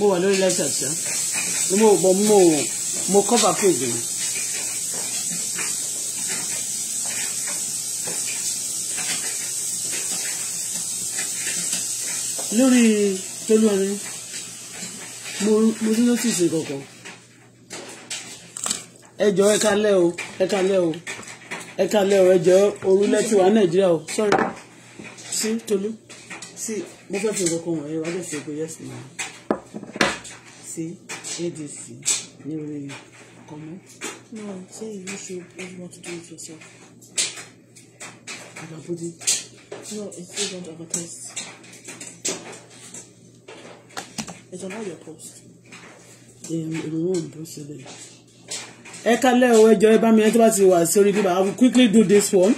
mo wà lórí lẹ́tà ṣá mo bọ̀ mo mo cover page mi. lórí tolúwarin mo mo ní nọ́tìsì kankan ẹ jọ ẹ kálẹ́ o ẹ kálẹ́ o ẹ kálẹ́ o ẹ jọ orúlẹ̀ tiwa nàìjíríà o sorry sí tolú sí mo fẹ́ fi kankan wọ̀nyí wájú sí pé yẹ́sì náà sí adc ní orí kọ́mọ́. no say you should always want to do it yourself. àbàbòdì. no it's still don't advertise. it's on all your post. èrò ò bó sílẹ̀. ẹ kalẹ́ o ẹ jọ ẹ bá mi ẹ tó bá ti wà sórí bíbá I will quickly do this one.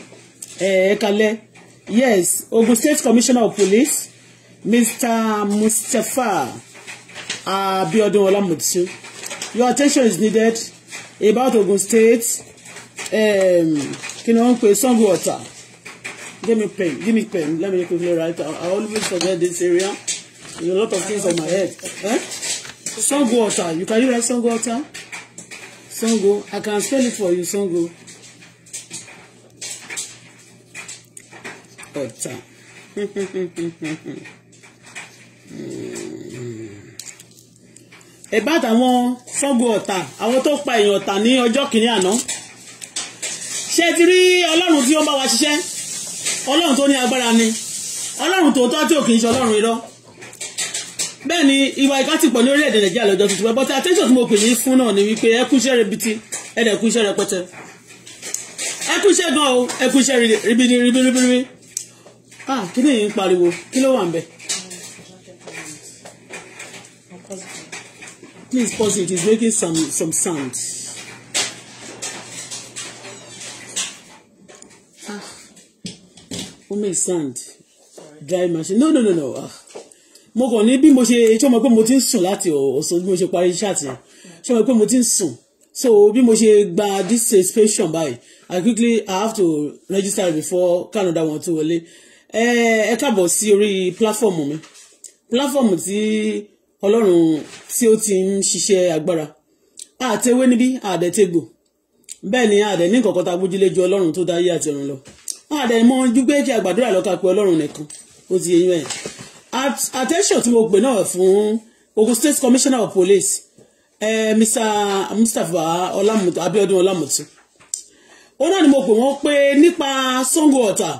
ẹ kalẹ́ yes Ogun State Commissioner of Police Mr. Mustapha. Abiodun ah, Olamutu. Your attention is needed about Ogun State. Um, kí ni wọ́n ń pè Give me pen, give me pen. Let me quickly write. I, always forget this area. There's a lot of things on my head. Eh? Sango Ọ̀tà. You can you write Sango water. Sango. I can spell it for you, Sango. Water. mm. ẹ̀bá àtàwọn Ṣàngó ọ̀tà àwọn tó pa èèyàn ọ̀tà ní ọjọ́ kìíní àná ṣé ti rí ọlọ́run tí ó ń bá wa ṣiṣẹ́ ọlọ́run tó ní agbára ni ọlọ́run tòótọ́ tí ò kì í ṣe ọlọ́run irọ́ bẹ́ẹ̀ ni ìwà ìka ti pọ̀ ní orílẹ̀-èdè nàìjíríà lọ́jọ́ tuntun pẹ́ bọ́tà attention tí mo pè yín fún náà ni wípé ẹ ribiti ẹ dẹ̀ kú iṣẹ́ rẹpẹtẹ ẹ kú iṣẹ́ gan o ẹ kú ah kí ni èyí ń pariwo kí ló wà ń bẹ̀ Please pause it. It's making some, some sounds. Ah. Ó make sound. Dry machine. No, no, no, no. Ah. Mo kàn ní bí mo ṣe ṣé o mọ̀ pé mo ti ń sùn láti ọ̀sán mo ṣe parí iṣẹ́ àti ṣé o mọ̀ mo ti ń So bi mo ṣe gba this station báyìí, I quickly I have to register before Canada wọn tó wọlé. Eh, ẹ káàbọ̀ sí orí platform mi. Platform tí. Ti ọlọ́run tí ó ti ń ṣiṣẹ́ agbára àtẹwé níbí àdẹ́tẹ́gbò bẹ́ẹ̀ ni àdẹ́ ní kọ̀ọ̀kan tá a gbójúlé ju ọlọ́run tó dáyé àti ọ̀run lọ àdẹ́ mọ ojú pé kí àgbàdúrà lọ́ka pé ọlọ́run nìkan ó ti yẹn yẹn attention tí mo pè náà fún Ogun State Commissioner of Police eh, Mr. Mustapha Olamutu Abiodun Olamutu ó náà ni mo pè wọ́n pé nípa Sango Ọ̀tà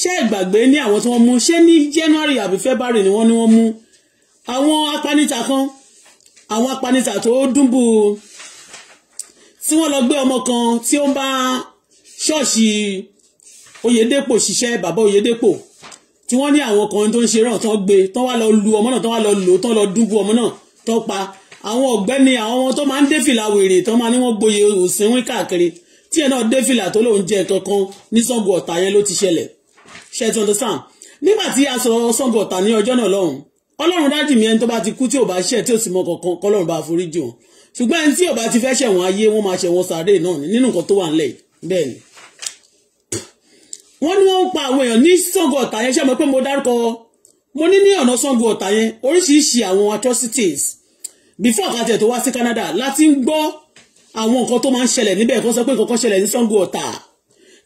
ṣé ìgbàgbé ní àwọn tí wọ́n mú ṣé ní January àbí February ni wọ́n ní wọ́n mú àwọn apanita kan àwọn apanita tó dúnbù tí wọ́n lọ gbé ọmọ kan tí ó ń bá ṣọ́ọ̀ṣì Oyèdépò ṣiṣẹ́ bàbá Oyèdépò tí wọ́n ní àwọn kan tó ń ṣe ràn tán gbé tán wá lọ lu ọmọ náà tán wá lọ lò tán lọ dúnbù ọmọ náà tán pa àwọn ọ̀gbẹ́ni àwọn ọmọ tó máa ń dé fìlà wèrè tán máa ní wọ́n gboyè òsínwín káàkiri tí ẹ̀ náà dé fìlà tó lóun jẹ́ kankan ní Ṣàngó Ọ̀tà yẹn ló ti ṣẹlẹ̀ ṣe tí wọ́n ti sàn nígbà tí a sọ Ṣàngó Ọ̀tà ní ọjọ́ náà lọ́hùn-ún kọ́lọ́run dájì mi ẹni tó bá ti kú tí ò bá ṣẹ̀ tí ò sì mọ kankan kọ́lọ́run bá foríjì wọn ṣùgbọ́n ẹni tí ò bá ti fẹ́ ṣẹ̀wọ̀n ayé wọ́n máa ṣẹ̀wọ̀n sàárè náà ni nínú nǹkan tó wà ńlẹ̀ bẹ́ẹ̀ ni. wọ́n ní wọ́n ń pa àwọn èèyàn ní Ṣàngó Ọ̀tà yẹn ṣe mọ̀ pé mo dárúkọ mo ní ní ọ̀nà Ṣàngó Ọ̀tà yẹn oríṣiríṣi àwọn atrocities before àkàtẹ̀ tó wá sí Canada láti ń gbọ́ àwọn nǹkan tó máa ń ṣẹlẹ̀ níbẹ̀ kan sọ pé nǹkan kan ṣẹlẹ̀ ní Ṣàngó Ọ̀tà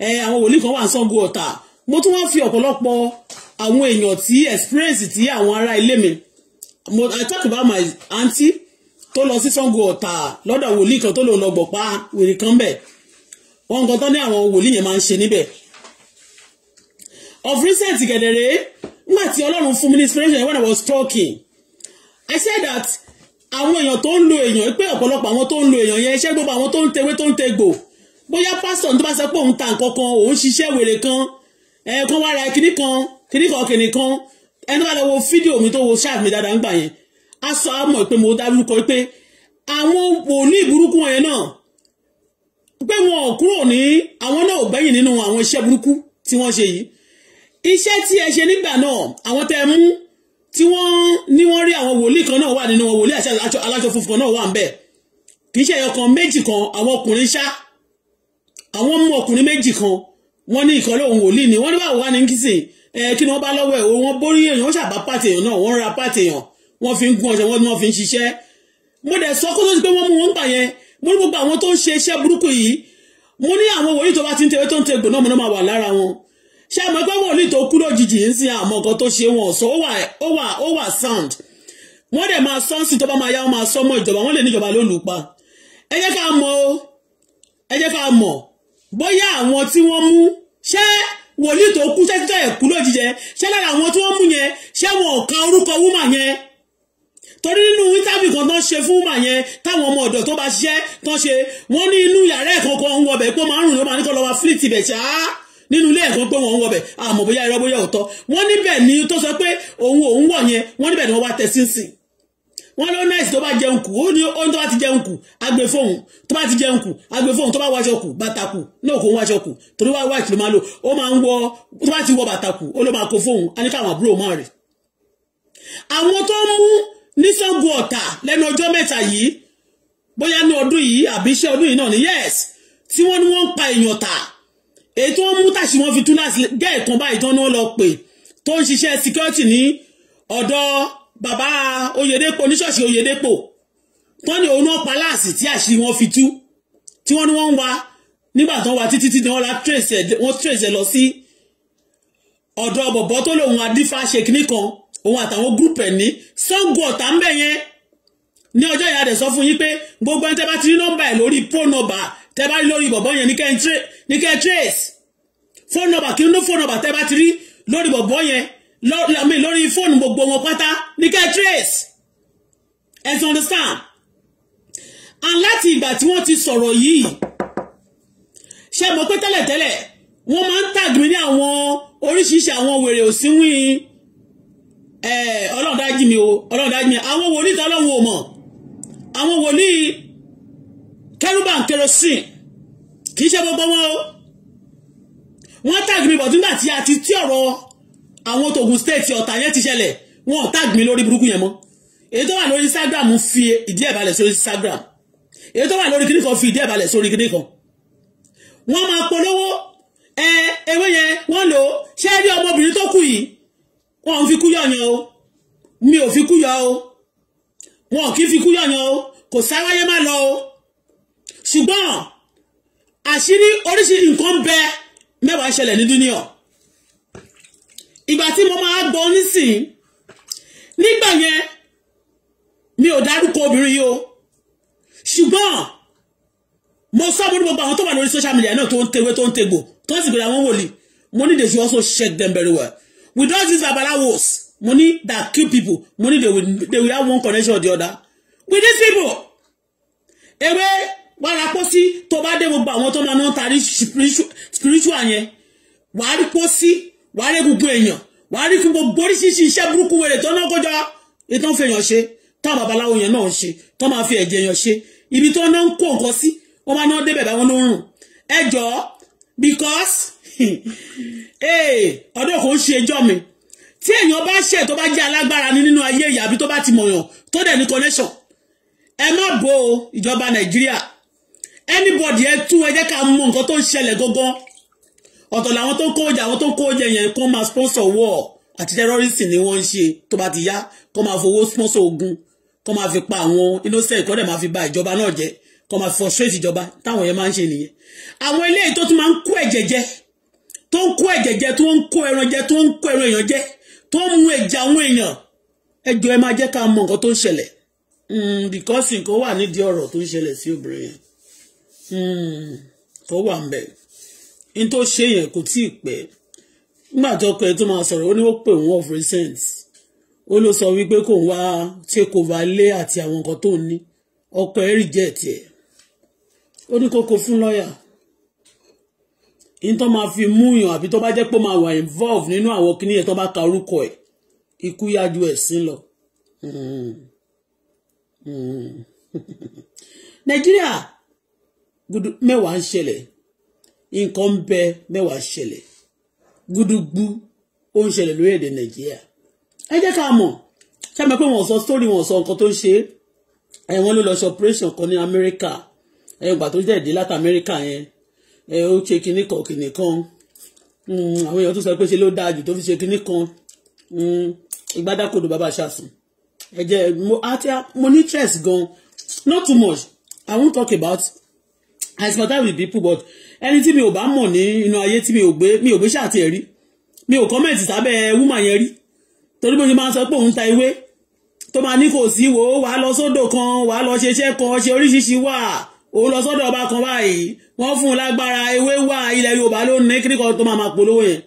ẹ àwọn wòlíì kan wà ní Ṣàngó Ọ̀tà mo tún wá fi ọ̀pọ̀lọpọ̀ àwọn èèyàn tí experience tí àwọn ará ilé mi mo i talk about my aunty tó lọ sí Ṣàngó Ọ̀tà lọ́dọ̀ wòlíì kan tó lòun lọ gbọ̀pá wèrè kan bẹ̀ wọn nǹkan tán ní àwọn wòlíì yẹn máa ń ṣe níbẹ̀ of recent gẹ̀dẹ̀rẹ̀ nígbà tí ọlọ́run fún mi ní inspiration when i was talking i said that àwọn èèyàn tó ń lo èèyàn pé ọ̀pọ̀lọpọ̀ àwọn tó ń lo èèyàn yẹn iṣẹ́ gbogbo àwọn tó ń tewé tó ń tegbò bóyá pásítọ̀ tó bá sọ pé òun ta nǹkan kan òun ṣiṣẹ́ wèrè kan ẹ̀ẹ̀kan wá ra kinní kan kìíní kan kìíní kan ẹni bá lọ wo fídíò mi tó wo ṣáàf mi dáadáa ń gbà yẹn a sọ á mọ̀ pé mo dájú kọ pé àwọn wòlíì burúkú yẹn náà pé wọn ò kúrò ní àwọn náà ò gbẹ́yìn nínú àwọn iṣẹ́ burúkú tí wọ́n ṣe yìí iṣẹ́ tí ẹ ṣe nígbà náà àwọn tẹ́ mú tí wọ́n ní wọ́n rí àwọn wòlíì kan náà wà nínú wọn wòlíì àti aláṣọ funfun kan náà wà ń bẹ̀ kì í ṣe ẹyọ kan méjì kan àwọn ọkùnrin ṣá àwọn mú ọkùnrin méjì kan wọ́n ní ìkọlẹ̀ òun wòlíì ni wọ́n ní báwo wá ní kìsìn kí ni wọ́n bá lọ́wọ́ ẹ̀ o wọ́n borí èèyàn wọ́n ṣàbá pàtì èèyàn náà wọ́n ra pàtì èèyàn wọ́n fi ń gún ọṣẹ wọ́n ni wọ́n fi ń ṣiṣẹ́ mo dẹ̀ sọ kó tó ti pé wọ́n mú wọn gbà yẹn mo ní gbogbo àwọn tó ń ṣe iṣẹ́ burúkú yìí mo ní àwọn wòlíì tó bá ti ń tewé tó ń tegbò náà mo náà máa wà lára wọn ṣé àmọ́ pé wòlíì tó kú lójijì ń sin àmọ́ nǹkan tó ṣe wọn sọ ó wà ó wà sound wọ́n dẹ̀ máa sọ́ sí tó bá máa yá wọn máa sọ mọ́ ìjọba wọ́n lè níjọba ló lù pa ẹ jẹ́ ká mọ̀ ẹ jẹ́ ká mọ̀ bóyá àwọn tí wọ́n mú ṣé wòlíì tó kú sẹ́sítọ́ ẹ̀kú lójijẹ ṣé lára àwọn tí wọ́n mú yẹn ṣé wọn ò kan orúkọ wúmà yẹn torí nínú interview kan tó ń ṣe fún wúmà yẹn táwọn ọmọ ọ̀dọ̀ tó bá ṣiṣẹ́ tó ṣe wọ́n ní inú yàrá ẹ̀kọ́ kan ń wọbẹ̀ pé márùn ló máa ní kọ́ lọ́wọ́ fleet ibẹ̀ ṣáá nínú ilé ẹ̀kọ́ pé wọ́n ń wọbẹ̀ àmọ́ bóyá irọ́ bóyá òótọ́ wọ́n níbẹ̀ ni tó sọ pé òun òun wọ̀ yẹn wọ́n níbẹ̀ ni wọ́n wá tẹ̀ wọ́n ló náà tó bá jẹun kù ó ní ohun tó bá ti jẹun kù agbe fóun tó bá ti jẹun kù agbe fóun tó bá wáṣọ kù bàtà kù náà kò ń wáṣọ kù torí wá wáṣọ ló máa lò ó máa ń wọ tó bá ti wọ bàtà kù ó ló máa kó fóun á ní káwọn àbúrò máa rè. àwọn tó ń mú ní Ṣàngó Ọ̀tà lẹ́nu ọjọ́ mẹ́ta yìí bóyá ní ọdún yìí àbí iṣẹ́ ọdún yìí náà ni yes tí wọ́n ní wọ́n pa èèyàn tà èyí tó ń mú tàṣí wọn fi tú láti gẹ́ẹ̀kan báyìí tán ni wọ́n bàbá Oyedepo, oníṣọ̀ọ̀ṣì Oyèdèpò wọ́n ní òun náà paláàsì tí àṣírí wọn fi tú tí wọ́n ní wọ́n ń wa nígbà tó wa títí tí wọ́n la trace ẹ̀ wọ́n trace ẹ̀ lọ sí ọ̀dọ̀ bọ̀bọ̀ tó lòun adífá ṣe kínní kan òun àtàwọn gúrùpù ẹ̀ ní Ṣàngó Ọ̀tà ń bẹ̀ yẹn ní ọjọ́ ìyá rẹ̀ sọ fún yín pé gbogbo ẹni tẹ́ bá ti rí nọ́mbà ẹ̀ lórí phone number tẹ́ bá rí lórí bọ̀bọ̀ yẹn ní kẹ́ trace phone number kí ló phone number tẹ́ bá ti rí lórí bọ̀bọ̀ yẹn lórí lórí fóònù gbogbo wọn pátá ní kẹ́ trace ẹ ti understand and láti ìgbà tí wọ́n ti sọ̀rọ̀ yìí ṣe mọ̀ pé tẹ́lẹ̀tẹ́lẹ̀ wọ́n máa ń tàgbé ní àwọn oríṣiríṣi àwọn wèrè òsínwìn ọlọ́run dájú mi o ọlọ́run dájú mi àwọn wòlíì tí ọlọ́run ò mọ̀ àwọn wòlíì kẹrùbà ń kerosene kì í ṣe gbogbo wọn o wọ́n tàgbé bọ̀ nígbà tí a ti tí ọ̀rọ̀ àwọn tògùn state ọ̀tà yẹn ti ṣẹlẹ̀ wọn ò tag mi lórí burúkú yẹn mọ́ èyí tó wà lórí instagram fi ìdí ẹ̀ balẹ̀ sórí instagram èyí tó wà lórí kíní kan fi ìdí ẹ̀ balẹ̀ sórí kíní kan wọ́n máa polówó ẹ ewé yẹn wọ́n lò ó ṣé rí ọmọbìnrin tó kù yìí wọn fi kú yọ̀yàn o mi ò fi kú yọ o wọn ò kí fi kú yọ̀yàn o kò sáwáyé má lọ o ṣùgbọ́n àṣírí oríṣiríṣi nǹkan bẹ mẹ́wàá ṣẹlẹ̀ ní dúníọ̀ ìgbà tí mo máa gbọ́ nísìn nígbà yẹn mi ò dárúkọ obìnrin yìí o ṣùgbọ́n mo sọ mo ní gbogbo àwọn tó wà lórí social media náà tó ń tewé tó ń tegbò tó ń sì gbèrè àwọn wòlíì mo ní they should also check them very well without these babalawos mo ní that kill people mo ní they will they will have one connection or the other with these people ewé wàrà pósí tó bá dé gbogbo àwọn tó máa ń tari spiritual yẹn wàá rí pósí wàá rí egungun èèyàn wàá rí fún gbogbo oríṣiríṣi iṣẹ́ burúkú wèrè tó náà kọjá ìtàn fèèyàn ṣe táwọn babaláwo yẹn náà ń ṣe tó máa fi ẹ̀jẹ̀ yẹn ṣe ibi tó náà ń kó nǹkan sí wọ́n máa náà débẹ̀ báwọn ló ń rùn ẹ jọ̀ọ́ because ọ̀dọ́ kò ń ṣe ẹjọ́ mi tí èèyàn bá ṣẹ̀ tó bá jẹ́ alágbára ní nínú ayé ìyàbí tó bá ti mọ̀yàn tó dẹ̀ ní connection ẹ má bo ìjọba nàìjíríà anybody ẹ tú ẹ jẹ́ ká mọ nǹkan tó ń ṣẹlẹ̀ gangan ọ̀tọ̀ làwọn tó ń kó oúnjẹ àwọn tó kó oúnjẹ yẹn kó máa sponsor war àti terrorism ni wọ́n ń ṣe tó bá ti yá kó máa fowó sponsor ogun kó máa fi pa àwọn innocent kó dẹ̀ máa fi ba ìjọba náà jẹ́ kó máa frustrate ìjọba táwọn yẹn máa ń ṣe nìyẹn àwọn eléyìí tó tún máa ń kó ẹ̀jẹ̀ jẹ tó ń kó ẹ̀jẹ̀ jẹ tó ń kó ẹran jẹ tó ń kó ẹran èèyàn jẹ tó ń mu ẹ̀jẹ̀ àwọn èèyàn ẹjọ́ ẹ máa jẹ́ ká mọ nǹkan tó ń ṣẹlẹ̀ hmm, because nǹkan wà nídìí ọ̀rọ̀ tó ń ṣẹlẹ̀ sí obìnrin yẹn hmm, kó wà ń bẹ̀rẹ̀ n tó ṣe yẹn kò tí ì pẹ́ nígbà tó pẹ́ tó máa sọ̀rọ̀ ó ní ó pè wọ́n of recent ó ló sọ wípé kò ń wá take over lé àti àwọn nǹkan tó ń ní ọkọ ẹ̀ reject ẹ̀ ó ní kókó fún lọ́ọ̀yà n tó máa fi mú yàn àbí tó bá jẹ́ pé ó máa wà involve nínú àwọn kinní yẹn tó bá ka orúkọ ẹ̀ ikú yájú ẹ̀ sí lọ. Hmm. Hmm. nàìjíríà mẹ́wàá ń ṣẹlẹ̀ nǹkan ń bẹ mẹ́wàá ṣẹlẹ̀ gúdúgbú ó ń ṣẹlẹ̀ lórí èdè nàìjíríà ẹ jẹ́ ká mọ̀ ṣé àmọ́ pé wọ́n sọ sórí wọ́n sọ nǹkan tó ń ṣe ẹ̀ wọ́n ló lọ ṣe operation kan ní amẹ́ríkà ẹ̀ gbà tó dẹ̀ dé láti amẹ́ríkà yẹn ẹ̀ ó ṣe kinní kan kinní kan hmm, àwọn èèyàn tó sọ pé ṣe ló dáa jù tó fi ṣe kinní kan hmm, ìgbádákodo bàbá ṣàṣùn ẹ jẹ́ mo àti mo ní stress gan not too much i won't talk about i spend that with people but ẹni tí mi ò bá mọ̀ ní inú ayé tí mi ò gbé mi ò gbé ṣáàtì ẹ̀ rí mi ò kọ́mẹ̀ntì sábẹ́ wúmà yẹn rí torí bó ṣe máa ń sọ pé òun ta ewé tó máa ní kò sí wo wàá lọ sódò kan wàá lọ ṣe iṣẹ́ kan ṣe oríṣiríṣi wà òun lọ sọ́dọ̀ ọba kan báyìí wọ́n fún un lágbára ewé wà ilẹ̀ Yorùbá ló ní kíríkọ tó máa máa polówó yẹn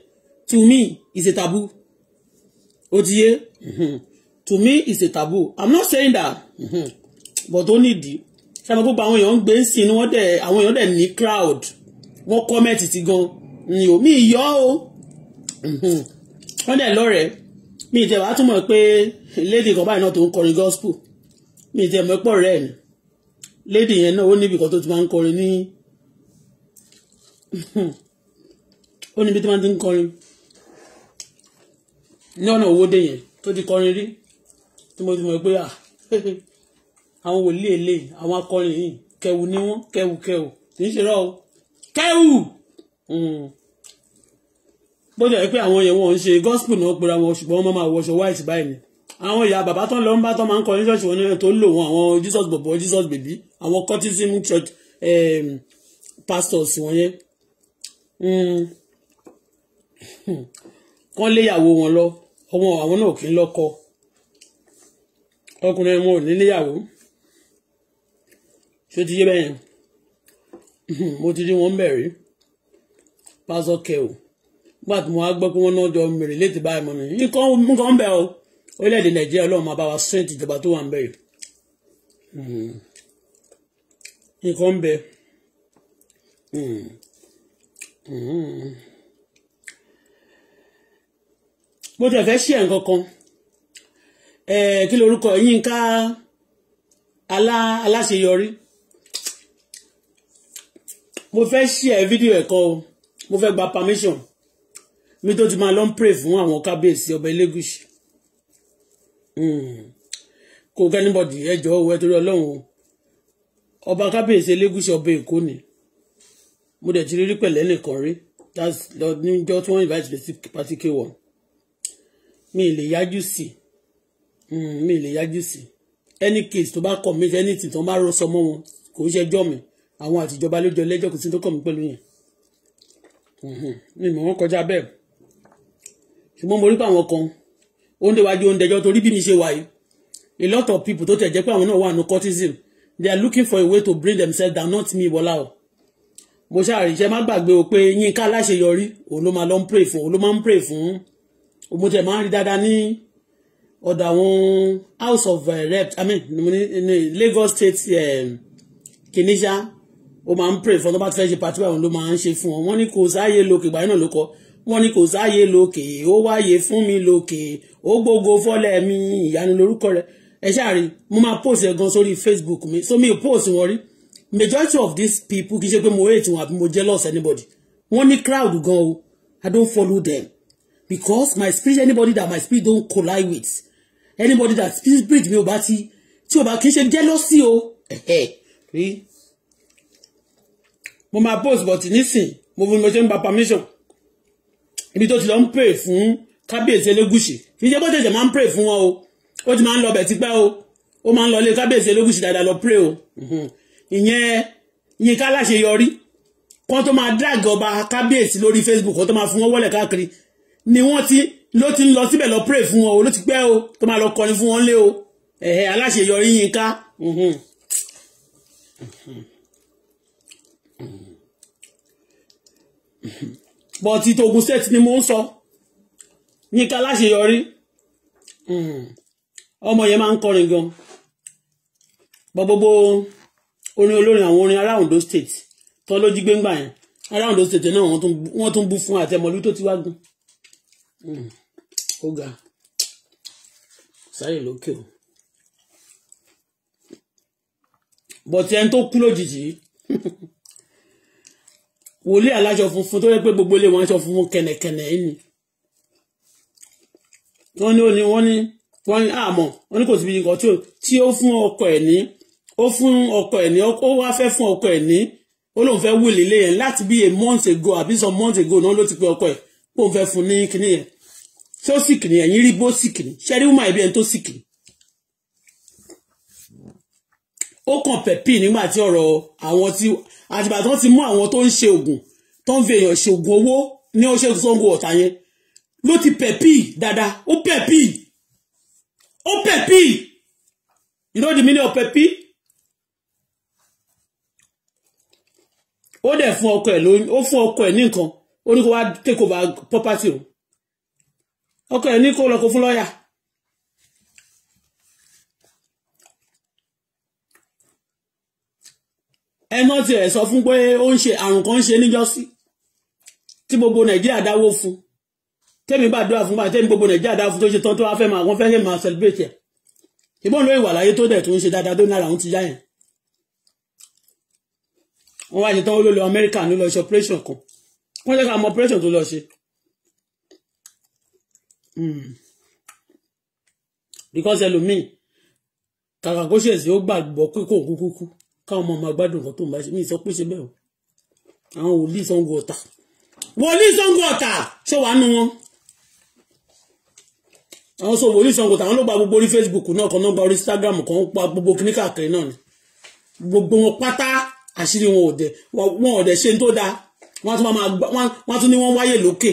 to me is a taboo ó ti yé mhm. to me is a taboo i'm not saying that mhm. but ó nídìí ṣé àwọn èèyàn ń gbé ń sìn ní dẹ̀ àwọn èèyàn dẹ̀ ní crowd wọ́n kọ́mẹ́ǹtì ti gan ni ò mí yọ o mhm. wọ́n dẹ̀ lọ́rẹ̀ẹ́ mi ìtẹ̀ wàá túmọ̀ pé lady kan báyìí náà tó ń kọrin gospel mi ìtẹ̀ mọ́ pọ̀ rẹ̀ ni lady yẹn náà ó níbi kan tó ti máa ń kọrin ní ó níbi tí wọ́n ti ń kọrin ní ọ̀nà òwòde yẹn tó ti kọrin rí tí mo ti mọ̀ pé àwọn wòlíì eléyìí àwọn akọrin yìí kẹwù ni wọ́n kẹwù kẹwù kì í ṣe rọ́ọ̀ kẹ́wù hmm. bó jẹ́ pé àwọn yẹn wọ́n ń ṣe gospel náà pera wọn ṣùgbọ́n wọ́n máa wọṣọ white báyìí ni àwọn ìyá bàbá tán lọ ń bá tán máa ń kọ ní ṣọ́ọ̀ṣì wọn náà tó ń lò wọn àwọn Jesus bọ̀bọ̀ Jesus bèbí àwọn cultism church ehm, pastors wọn yẹn hmm. kán léyàwó wọn lọ ọmọ àwọn náà kì í lọ́kọ ọkùnrin wọn ò ní léyàwó ṣó ti yé bẹ́yẹn. Hmm, mo ti rí wọn bẹ̀rẹ̀ pásọ kẹo nígbà tí mo wá gbọ́ pé wọ́n náà jọ mèrè létí báyìí mọ́ mi nǹkan nǹkan bẹ̀ o orílẹ̀-èdè nàìjíríà ọlọ́run máa bá wa sún ètò ìjọba tó wà ń bẹ̀rẹ̀ hmm, nǹkan bẹ̀ hmm, mo tẹ̀ fẹ́ ṣí ẹ̀ nǹkan kan eh, kí lorúkọ yínká aláṣeyọrí mo fẹ́ share fídíò ẹ̀kọ́ o mo fẹ́ gba permission mi tó ti máa lọ ń pray fún àwọn kábíyèsí ọba Elégùṣì hmm. kò kẹ́nìbọ̀dì ẹjọ́ owó ẹtorí ọlọ́run o ọba kábíyèsí Elégùṣì ọba Èkó ni mo dẹ̀ ti rí pẹ̀lẹ́ nìkan rí that's lọ níjọ́ tí wọ́n invite me sí party k1 mi ì lè yájú sí hmm, mi ì lè yájú sí any case tó bá commit anything tó bá rọ sọmọ wọn kò ń ṣẹjọ́ mi àwọn àtijọba ló jọ lẹ́jọ́ kò sí tó kàn mí pẹ̀lú yẹn mi mọ̀ wọ́n kọjá bẹ́ẹ̀ ṣùgbọ́n mo rí pé àwọn kan ó ń déwájú ó ń dẹjọ́ torí bí mi ṣe wà yìí a lot of people tó tẹ̀ jẹ́ pé àwọn náà wà ní cortism they are looking for a way to bring themselves down not me Bọ́lá o mo ṣàrí iṣẹ́ má gbàgbé o pé Yínká láṣeyọrí òun ló máa lọ ń pray fún òun ló máa ń pray fún mo tẹ̀ máa ń rí dáadáa ní ọ̀dọ̀ àwọn house of uh, reps i mean ní Lagos state um, eh, Kinisha ó máa ń pray fún ọ tó bá ti fẹ́ ṣe pàtó àwọn ló máa ń ṣe fún ọ wọ́n ní kò sáàyè lókè ìgbà náà ló kọ wọ́n ní kò sáàyè lókè ó wáyé fún mi lókè ó gbogbo fọ́lẹ̀ mi ìyanu lórúkọ rẹ ẹ ṣáàrin mo máa post ẹ gan sórí Facebook mi so mi ò post wọn rí majority of these people kì í ṣe pé mo hate wọn àbí mo jealous anybody wọ́n ní crowd gan o I don't follow them because my spirit anybody that my spirit don collide with anybody that spirit mi ò bá ti tí ò bá kì í ṣe jealousy o mo ma post but nísìn mo fi mo ṣe ń gba permission ibi tó ti lọ ń pray fún kábíyèsí elégùsì kì í ṣe bó ṣe ṣe máa ń pray fún wọn o ó ti máa ń lọ bẹ̀ tipẹ́ o ó máa ń lọ ilé kábíyèsí elégùsì dáadáa lọ pray o mhm. ìyẹn Yínká Aláṣeyọrí kan tó máa drag ọba kábíyèsí lórí Facebook kan tó máa fún wọn wọlé káàkiri ni wọ́n ti ló ti ń lọ síbẹ̀ lọ pray fún wọn o ló ti pẹ́ o tó máa lọ kọrin fún wọn lé o ẹ̀hẹ́ Aláṣeyọrí Yínká. Mm-hmm. Mm-hmm. but ti Ogun State ni mo ń sọ Yínká Láṣeyọrí ọmọ yẹn máa ń kọrin gan bọ gbogbo orin olórin àwọn orin ará Ondo State tó ló jí gbéńgbà yẹn ará Ondo State náà wọ́n tún bú fún àtẹmọlú tó ti wá gùn ó ga sáré lókè o bọ̀tí ẹni tó kú lójijì wòlíì aláṣọ funfun tó yẹ pé gbogbo ilé wọn aṣọ funfun kẹ̀nẹ̀kẹ̀nẹ̀ yìí ni wọ́n ní òní wọ́n ní wọ́n ní àmọ́ ah, wọ́n ní kò síbi nǹkan tí ó tí ó fún ọkọ ẹ̀ ní ó fún ọkọ ẹ̀ ní ó wá fẹ́ fún ọkọ ẹ̀ ní ó lóun fẹ́ wù lílé yẹn láti bí a month ago àbí some month ago náà ló ti pe ọkọ ẹ̀ kó n fẹ́ fún ní kíní yẹn tó sìkì ni ẹ̀yìn rí bó sìkì ni ṣẹ́rí wùmá ẹ̀bí ẹni tó sìkì ni ó kàn pẹ̀pì nígbà tí ọ̀rọ̀ àwọn tí àtìgbà tó ti mú àwọn tó ń ṣe oògùn tó ń fi èèyàn ṣe oògùn owó ní ó ṣe Ṣàngó Ọ̀tà yẹn ló ti pẹ̀pì dáadáa ó pẹ̀pì ó pẹ̀pì you know the meaning of pẹ̀pì ó dẹ̀ fún ọkọ ẹ̀ lóyún ó fún ọkọ ẹ̀ ní nǹkan ó ní kó wá take over property o ọkọ ẹ̀ ní kó lọ kó fún lọ́ọ̀yà ẹ mọ́ tiẹ̀ sọ fún pé ó ń ṣe àrùn kan ń ṣe níjọ́sí tí gbogbo nàìjíríà dáwó fún tẹ́mi gbàdúrà fún báyìí tẹ́mi gbogbo nàìjíríà dáwó fún tó ṣe tán tó wá fẹ́ máa wọ́n fẹ́ máa celebrate ẹ̀ ìbọn ló ìwà láyé tó dẹ̀ tó ń ṣe dáadáa tó nára òun ti yá yẹn wọ́n wá ṣe tán ó ló lọ amẹ́ríkà ló lọ ṣe operation kan wọ́n jẹ́ ká mọ operation tó lọ ṣe hmm. because ẹlòmíì kàkà kó ṣèṣì ó gbàgbọ́ pé kò kúkú kú káwọn ọmọ máa gbádùn nǹkan tó ń bá ṣe mí sọ pé ṣe bẹ́ẹ̀ o àwọn wòlíì Ṣàngó Ọ̀tà wòlíì Ṣàngó Ọ̀tà ṣé wàá nu wọn àwọn sọ wòlíì Ṣàngó Ọ̀tà àwọn ló gba gbogbo orí Facebook náà kan náà gba orí Instagram kan pa gbogbo kíní káàkiri náà ni gbogbo wọn pátá àṣírí wọn ò dẹ wọn ò dẹ ṣe tó dáa wọn tún máa wọn tún ní wọn wáyè lókè.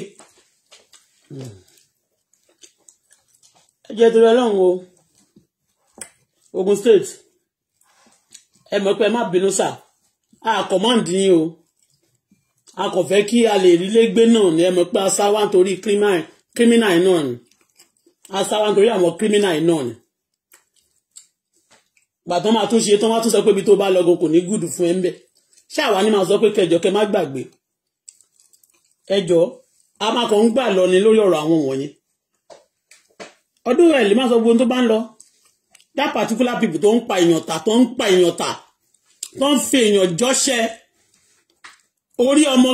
ẹ jẹ́ torí ọlọ́run o Ogun State ẹ mọ̀ pé ẹ má bínú sà á kọ̀mọ́ǹdì yín o a kò fẹ́ kí a lè rí légbé náà ni ẹ mọ̀ pé asáwá nítorí kírímínà yìí náà ni asáwá nítorí àwọn kírímínà yìí náà ni gbàtàn máa tún ṣe tán wá tún sọ pé ibi tó bá lọ́gọ kò ní gùdù fún ẹ ń bẹ̀ ṣáàwá ni máa sọ pé kẹjọ kẹ má gbàgbé ẹjọ́ a máa kàn ń gbà lọ ni lórí ọ̀rọ̀ àwọn wọ̀nyí ọdún ẹ̀ lè má sọ gbogbo tó bá ń lọ that particular people tó ń pa èèyàn ta tó ń pa èèyàn ta tó ń fi èèyàn jọ́ṣẹ́ orí ọmọ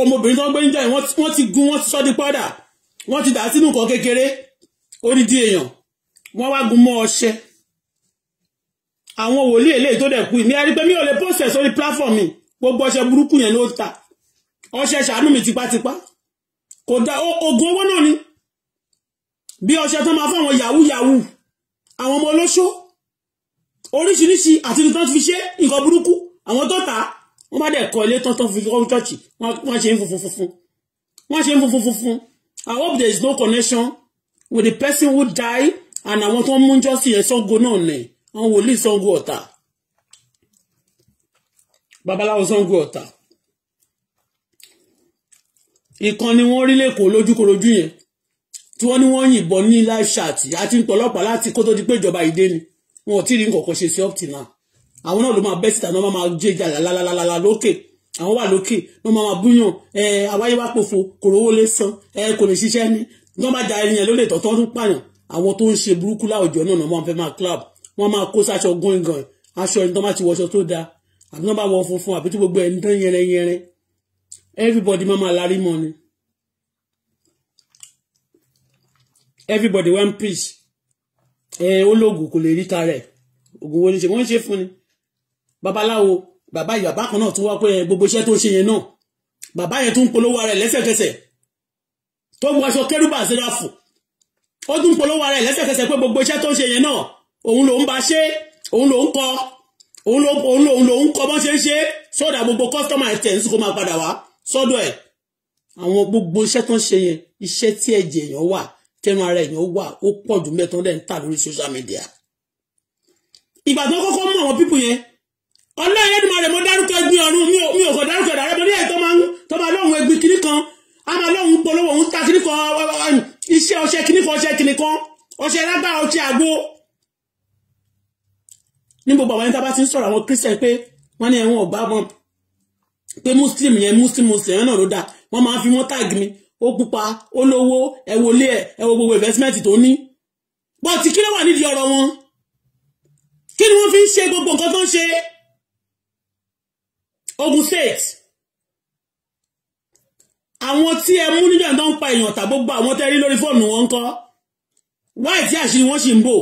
ọmọbìnrin tó ń gbé níjà wọ́n ti gún wọ́n ti sọ́ di pọ́dà wọ́n ti dà sínú nǹkan kékeré orí di èèyàn wọ́n wá gún mọ́ ọṣẹ àwọn wòlíì eléyìí tó dẹ̀ kú mi a rí pé mi ò lè post ẹ̀ sórí platform mi gbogbo ọṣẹ burúkú yẹn ló ta ọṣẹ ṣàánú mi tipátipá kò dá oògùn owó náà ni bí ọṣẹ tó máa fáwọn yahoo yahoo àwọn ọmọ olóṣó oríṣiríṣi àti tuntun fi ṣe nǹkan burúkú àwọn tó ta wọ́n bá dẹ̀ kọ́ ilé tán tán fi kọ́ chọ́ọ̀chì wọ́n ṣe ń funfun funfun wọ́n ṣe ń funfun funfun I hope there is no connection with the person who die and àwọn tó ń mú jọ́sí yẹn Ṣàngó náà nẹ̀ àwọn wòlíì Ṣàngó Ọ̀tà babaláwo Ṣàngó Ọ̀tà ìkan ni wọ́n rí lẹ́kọ̀ọ́ lójúkorojú yẹn tí wọ́n ní wọ́n yìnbọn ní láìṣàtì àti ìpọ̀lọ́pàá láti kó tó di pé ìjọba ìdè ni wọn ò tí ì rí nǹkan kan ṣe sí up till now àwọn náà ló máa bẹ́ síta náà máa jẹ́ ìjà lálálálá lókè àwọn wà lókè wọn máa búyàn ẹ àwáyé wá pòfo kò rówó lé san ẹ kò lè ṣiṣẹ́ ní wọn bá da ẹyìn ló lè tọ̀tọ́ tún pààyàn àwọn tó ń ṣe burúkú láwùjọ náà wọn fẹ́ máa club wọn máa kó sáṣọ gún igan aṣọ ẹni tó má ti wọṣọ tó dáa àbí wọn bá wọ funfun àbí tí everybody máa máa larí everybody wan preach eh, ológun kò lè rí ta rẹ̀ ògùn wo ni ṣe wọ́n ṣe fún ni babaláwo bàbá yìí bàbá kan náà tún wá pé gbogbo iṣẹ́ tó ń ṣe yẹn náà bàbá yẹn tún polówó ara rẹ̀ lẹ́sẹ̀kẹsẹ̀ tó mú aṣọ kérúbà sẹ́ráfù ó tún polówó ara rẹ̀ lẹ́sẹ̀kẹsẹ̀ pé gbogbo iṣẹ́ tó ń ṣe yẹn náà òun lòún bá ṣe òun lòún kọ òun lòun lòun kọ bọ́n ṣe ń ṣe sọ́dà gbogbo kọ́sítọ́mà ẹ̀tẹ̀ ń sùn kó máa padà wá sọ́dọ̀ ẹ̀ àwọn gbogbo iṣẹ́ tó ń ṣe yẹn iṣẹ́ tí ẹ̀jẹ̀ èèyàn wà tẹnu ara èèyàn ó wà ó pọ̀ jù mẹ́tàn lẹ́yìn tà lórí social media ìgbà tó kọ́kọ́ mú àwọn pípù yẹn ọlọ́run ẹ̀dùnmọ̀ rẹ̀ mo dárúkọ ẹgbẹ́ ọ̀run mi ò kọ̀ dárúkọ ẹ̀dá rẹ̀ mo ní ẹ̀ tó máa lọ́hùn ẹgbẹ́ kiri kan a máa lọ́hùn polówó òun ta kiri kan iṣẹ́ ọṣẹ kiri kan ọṣẹ kiri kan ọṣẹ lágbára ọṣẹ àgbo. ní gbogbo àwọn ẹ̀ńtà bá ti ń sọ̀rọ̀ àwọn christian pé wọ́n ní ẹ̀wọ̀n ọ̀gbá wọn pé muslim yẹn muslim muslim yẹn náà ló dáa wọ́n máa fi wọ́n táàgì mi ó pupa ó lówó ẹ wọlé ẹ ẹ wo gbogbo investment tó ní bọ́ọ̀tì kí ló wà nídìí ọ̀rọ̀ wọn kí ni wọ́n fi ń ṣe gbogbo nǹkan tó ń ṣe Ogun State àwọn tí ẹ mú níjọ́ tó ń pa èèyàn tà gbogbo àwọn tẹ́ rí lórí fóònù wọn ń kọ́ wáì tí àṣírí wọn ṣì ń bò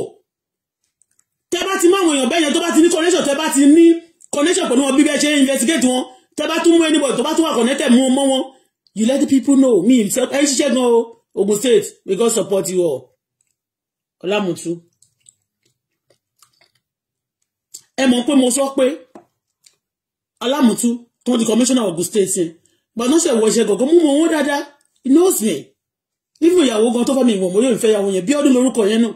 tẹ́ bá ti mú àwọn èèyàn bẹ́ẹ̀ yẹn tó bá ti ní connection tẹ́ bá ti ní connection pẹ̀lú wọn bí bẹ́ẹ̀ ṣe investigate wọn tẹ́ bá tún mú anybody tó bá tún wà connected mú wọn wọn you let the people know me himself, I should know. Ogun State we go support you all Ọlámùtú ẹ mọ̀ pé mo sọ pé Ọlámùtú To the commissioner Ogun State But gbọ́dọ̀ ṣe wọ iṣẹ́ gọ̀gọ́ mú mọ owó dáadáa he knows me nínú ìyàwó gan tó fọ́ mi ìwọ̀n mo yóò fẹ́ ìyàwó yẹn bí ọdún lórúkọ yẹn náà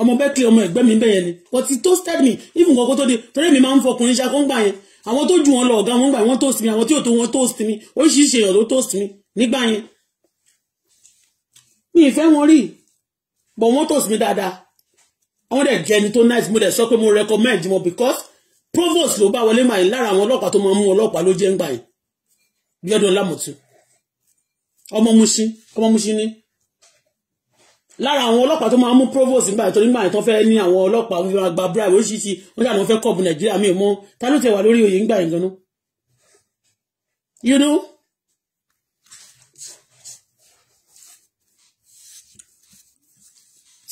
ọmọ bẹ́ẹ̀ kí ọmọ ẹ̀gbẹ́ mi bẹ́ẹ̀ yẹn ni but he toasted me even gọ́gọ́ tó di torí mi máa ń fọkùnrin ṣakó ń gbà yẹn àwọn tó ju wọn lọ ọ̀gá wọn gbà wọ́n toast mi àwọn tí ò tó wọn toast mi oríṣiríṣi èèyàn ló toast mi nígbà yẹn mi ìfẹ́ wọn rí but wọ́n toast mi dáadáa àwọn dẹ̀ jẹ́ ẹni tó nice mo dẹ̀ sọ pé mo recommend mo because provost ló bá wọlé màá lára àwọn ọlọ́pàá tó máa mú ọlọ́pàá ló jẹ́ ń gbà yẹn bí ọdún ọlámọ̀tún ọmọ musin ọmọ musin ni lára àwọn ọlọ́pàá tó máa mú provost nígbà tó nígbà tó fẹ́ ní àwọn ọlọ́pàá wọn máa bribe oríṣiríṣi wọn dàbí wọn fẹ́ kọ̀ọ̀bù nàìjíríà mi mọ́ ta ló tẹ̀ wà lórí oyè ńgbà yẹn gan you know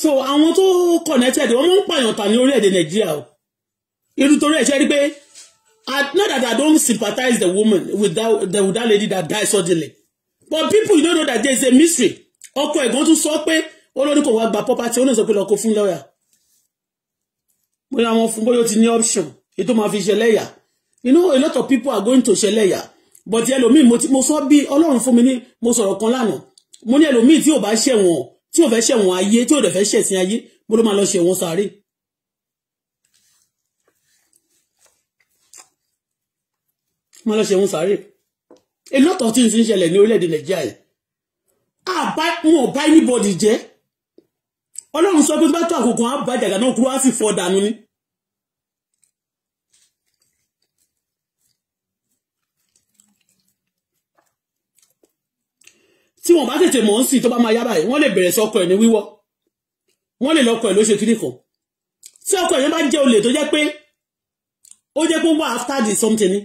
so àwọn tó connected wọn ń pààyàn tà ní orílẹ̀-èdè nàìjíríà o irú torí ẹ̀ ṣe rí pé not that i don't sympathize the woman with that, the, with that lady that died suddenly but people you don't know that there is a mystery ọkọ ẹ̀gbọ́n tún sọ pé ó lóní kò wá gba property ó ní sọ pé lọ kó fún lọ́ọ̀yà bóyá wọn fún bóyá ó ti ní option èyí tó máa fi ṣẹlẹ́yà you know a lot of people are going to ṣẹlẹ́yà but ẹlòmíì mo ti mo sọ bí ọlọ́run fún mi ní mo sọ̀rọ̀ kan lánàá mo ní ẹlòmíì tí ò bá ṣẹ̀wọ̀n tí ò fẹ́ ṣẹ̀wọ̀n ayé tí ò dẹ̀ fẹ́ ṣẹ̀sìn ayé mo ló máa lọ ṣẹ̀wọ̀n sàárè mo lọ ṣẹ̀wọ̀n sàárè a lot of things ń ṣẹlẹ̀ ní orílẹ̀-èdè nàìjíríà yìí àbá wọn ò bá anybody jẹ́ ọlọ́run sọ pé tó bá tó àkókò á bá jàgà náà kúrò á sì fọ́ dànù ni. tí wọn bá tètè mọ̀ ń sìn tó bá máa yá báyìí wọ́n lè bẹ̀rẹ̀ sọ́kọ ẹ̀ ní wíwọ́ wọ́n lè lọ́kọ ẹ̀ ló ṣe kíní kan tí ọkọ ẹ̀ bá jẹ́ olè tó jẹ́ pé ó jẹ́ pé ó wà after the something ni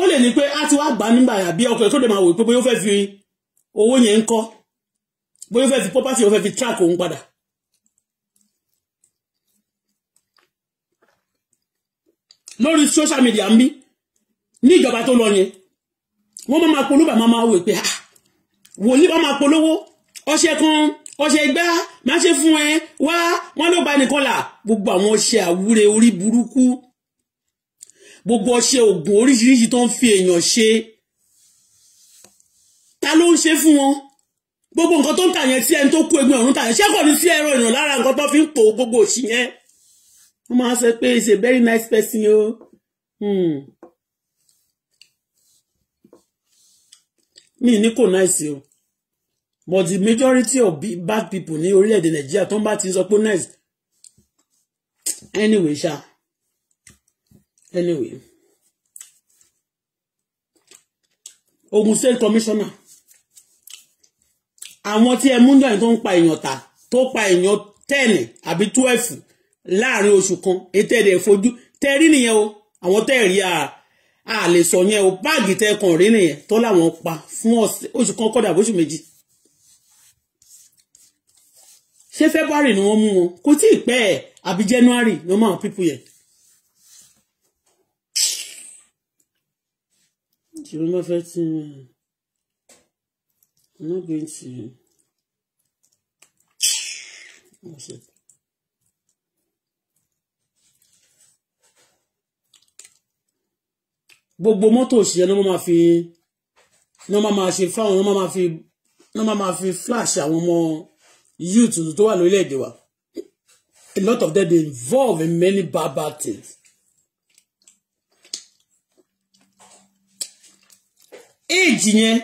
ó lè ní pé á ti wá gbà nígbà àbí ọkọ ẹ̀ tó lè máa wò pé bóyá ó fẹ́ fi owó yẹn ń kọ́ bóyá ó fẹ́ fi property ó fẹ́ fi track òun padà. lórí social media ń bí ní ìjọba tó lọ yẹn wọ́n máa ma polówó àmọ́ máa wò pé ah, wòlíì bá máa polówó ọṣẹ kan ọṣẹ gbá má ṣe fún ẹ wá wọn ló bá nìkan là gbogbo àwọn ọṣẹ àwúre orí burúkú gbogbo ọṣẹ oògùn oríṣiríṣi tó ń fi èèyàn ṣe ta ló ń ṣe fún wọn gbogbo nǹkan tó ń tà yẹn sí ẹni tó kú egbin ọ̀run tà yẹn ṣé kò ní sí ẹ̀rọ èèyàn lára nǹkan tó fi ń pò gbogbo òṣì yẹn wọ́n máa sọ pé he's a very nice person o. Hmm. mi ní kò nice o but the majority of bad people ní orílẹ̀-èdè nàìjíríà tó ń bá ti sọ pé nice anyway ṣá anyway Ogun State Commissioner àwọn tí ẹ mú ní ọ̀yìn tó ń pa èèyàn ta tó pa èèyàn ten àbí twelve láàrin oṣù kan ètò ẹ̀dẹ̀ fojú tẹ́rí nìyẹn o àwọn tẹ́rí à á lè sọ yẹn o báàgì tẹ́ kàn rí nìyẹn tó láwọn pa fún oṣù kan kọ́dà bóṣù méjì. ṣé february ni wọ́n mú wọn kò tí ì pẹ́ ẹ̀ àbí january ni wọ́n máa pípù yẹn. ṣùgbọ́n má fẹ́ tí ń rìn. I'm not going to. That's oh, it. gbogbo mọ́tò òṣìṣẹ́ ni wọ́n máa fi ni wọ́n máa ṣe fáwọn ni wọ́n máa fi ni wọ́n máa fi flash àwọn ọmọ youth tó wà lórílẹ̀‐èdè wa a lot of them dey involve in many bad bad things. éèjì yẹn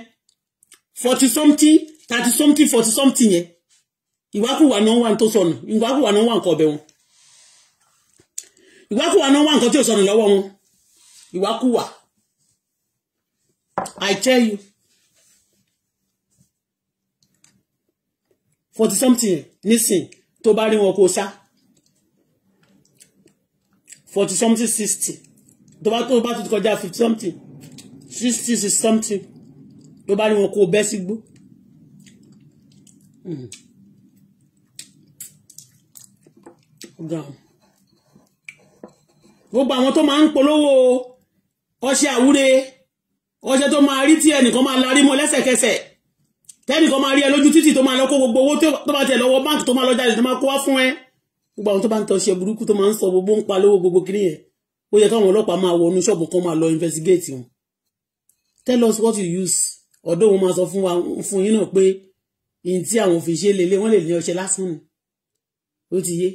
forty something thirty something forty something yẹn ìwákùwà náà wà tó sọnù ìwákùwà náà wà nǹkan ọbẹ̀ wọn ìwákùwà náà wà nǹkan tí ò sọnù lọ́wọ́ wọn ìwákùwà I tell you forty something nísìn tó bá rí wọn kó sá forty something sixty tó bá tó bá tó kọjá fifty something sixty six something ló bá ní wọn kó bẹ́ sígbó. gbogbo àwọn tó máa ń polówó ọṣẹ àwúre ọṣẹ tó máa rí tí ẹnìkan máa larí mọ́ lẹ́sẹ̀kẹsẹ̀ tẹ́nìkan máa rí ẹ lójú títì tó máa lọ kó gbogbo owó tó bá tẹ̀ lọ́wọ́ báńkì tó máa lọ jáde tó máa kó wá fún ẹ gbogbo àwọn tó bá ń tọ́ṣe burúkú tó máa ń sọ gbogbo ń pa lówó gbogbo kiri yẹn ó yẹ káwọn ọlọ́pàá máa wọnú ṣọ́ọ̀bù kan máa lọ investigate wọn tell us what you use ọ̀dọ̀ wọn máa sọ fún wa fún yín náà pé ihun tí àwọn fi ṣe lélẹ̀ wọ́n lè ní ọṣẹ lásán ni ó ti yé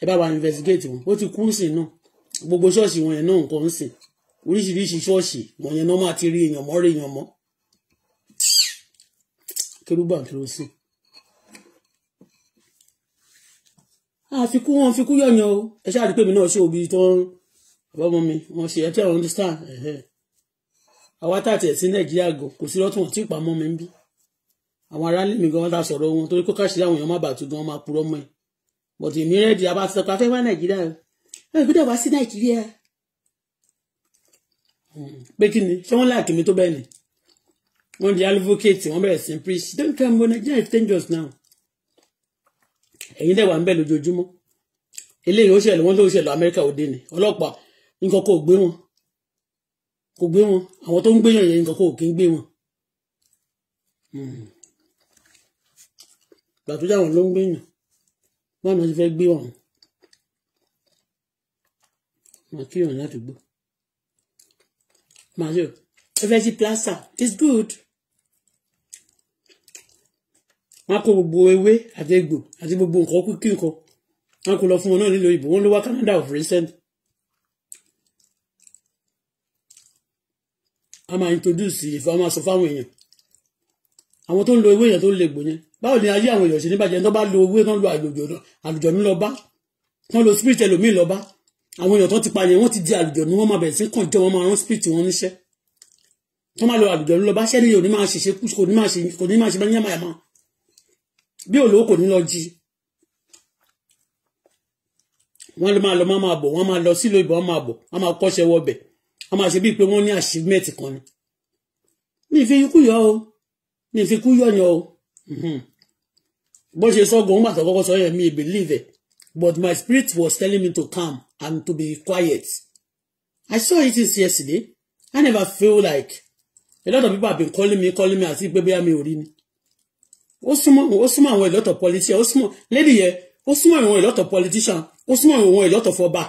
ẹ bá wa investigate wọn ó ti kú sí náà gbogbo ṣọ́ọ̀ṣì wọn yẹn náà nǹkan ń sìn oríṣiríṣi ṣọ́ọ̀ṣì wọn yẹn náà máa ti rí èèyàn mọ́ rí èèyàn mọ́ kérúbà dúró sí. àfikún wọn fikún yọ̀yàn o ẹ ṣáà rí pé mi náà ṣe òbí tó ń bàbá ọmọ mi wọn ṣe ẹ tí àwọn understand àwa tá àti ẹ̀ sí nàìjíríà gò kò sí lọ́tún wọn tí ìpamọ́ mi ń bí àwọn aráàlú mi gan wọn ta sọ̀rọ̀ wọn torí kó káṣíra àwọn èèyàn má bàtú gan máa purọ́ mọ́ ẹ̀ but èmi rẹ́ẹ̀dì abá ti sọ pé a fẹ́ wá nàìjíríà o ẹ gbọ́dọ̀ wá sí nàìjíríà pé kí ni ṣé wọ́n láàkì mi tó bẹ́ẹ̀ ni wọ́n di advocate wọ́n bẹ̀rẹ̀ sí preach don't come go Nigeria is dangerous now ẹ̀yin dẹ̀ wà ń bẹ̀ lójoojúmọ́ eléyìí ó ṣẹlẹ̀ wọ́n ló ṣẹlẹ̀ Amẹ́ríkà òde ni ọlọ́pàá nǹkan kò gbé wọn kò gbé wọn àwọn tó ń gbé yàn yẹn nǹkan kò kí ń gbé wọn hmm. gbà tó jáwọn ló ń gbé yàn báwọn náà ti fẹ́ gbé wọn máa kí yàn ládùúgbò máa yọ ẹ fẹ́ sí plaza it's good wọn kó gbogbo ewé àti egbò àti gbogbo nǹkan kú kí nǹkan wọn kò lọ fún wọn náà nílò ìbò wọn ló wá Canada of recent a máa introduce ìfẹ́ wọn máa sọ fáwọn èèyàn àwọn tó ń lo ewé yẹn tó ń legbò yẹn báwo ni ayé àwọn èèyàn ṣe níbàjẹ́ tó bá lo ewé tó ń lo àlùjọ àlùjọ mi lọ bá tó ń lo spirit ẹlòmíì lọ bá àwọn èèyàn tó ti pa yẹn wọ́n ti di àlùjọ ni wọ́n máa bẹ̀rẹ̀ sí kàn jẹ́ wọ́n máa rán spirit wọn níṣẹ́ tó máa lo àlùjọ lọ bá sẹ́ni yóò ní máa ṣèṣe kò ní máa ṣe kò ní máa ṣe bẹ́ẹ̀ yàmà yàmà bí olówó kò ní lọ jí wọ́n máa lọ máa bọ̀ wọ́n máa lọ sílùú ìbọn máa bọ̀ wọ́n máa kọ́ṣẹ́ wọ́bẹ̀ wọ́n máa ṣe bíi pé wọ́n ní achievement kan ni mi fi ikú yọ o mi fi ikú yọ̀yàn o hmm. bó ṣe sọ gan gbàtọ̀ kọ́kọ́ sọ yẹn mi believe it but my spirit was telling me to calm and to be quiet I saw it since yesterday I never feel like a lot of people have been calling me calling me as if baby, mi ò rí ni ó súnmọ́ ó súnmọ́ àwọn ìlọ́tọ̀ politician ó súnmọ́ lady yẹn ó a lot of politician ó súnmọ́ àwọn ìlọ́tọ̀ fọba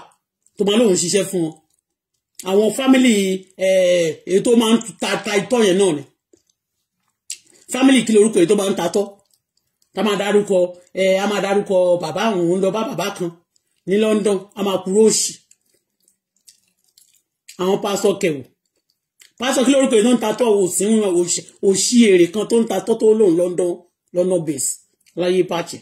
tó máa lóun ṣiṣẹ́ fún wọn àwọn fámìlì eh, ètò máa ń ta itọ́ yẹn náà ni fámìlì kí lorúkọ ètò máa ń tatọ́ tá máa dárúkọ ẹ eh, a máa dárúkọ bàbá òun lọ bá bàbá kan ní London a máa kúrò òsì àwọn pásọ kẹwò pásọ kí lorúkọ ètò ń tatọ́ òsì òsì èrè kan tó ń tatọ́ tó lòun London London base láyé pàṣẹ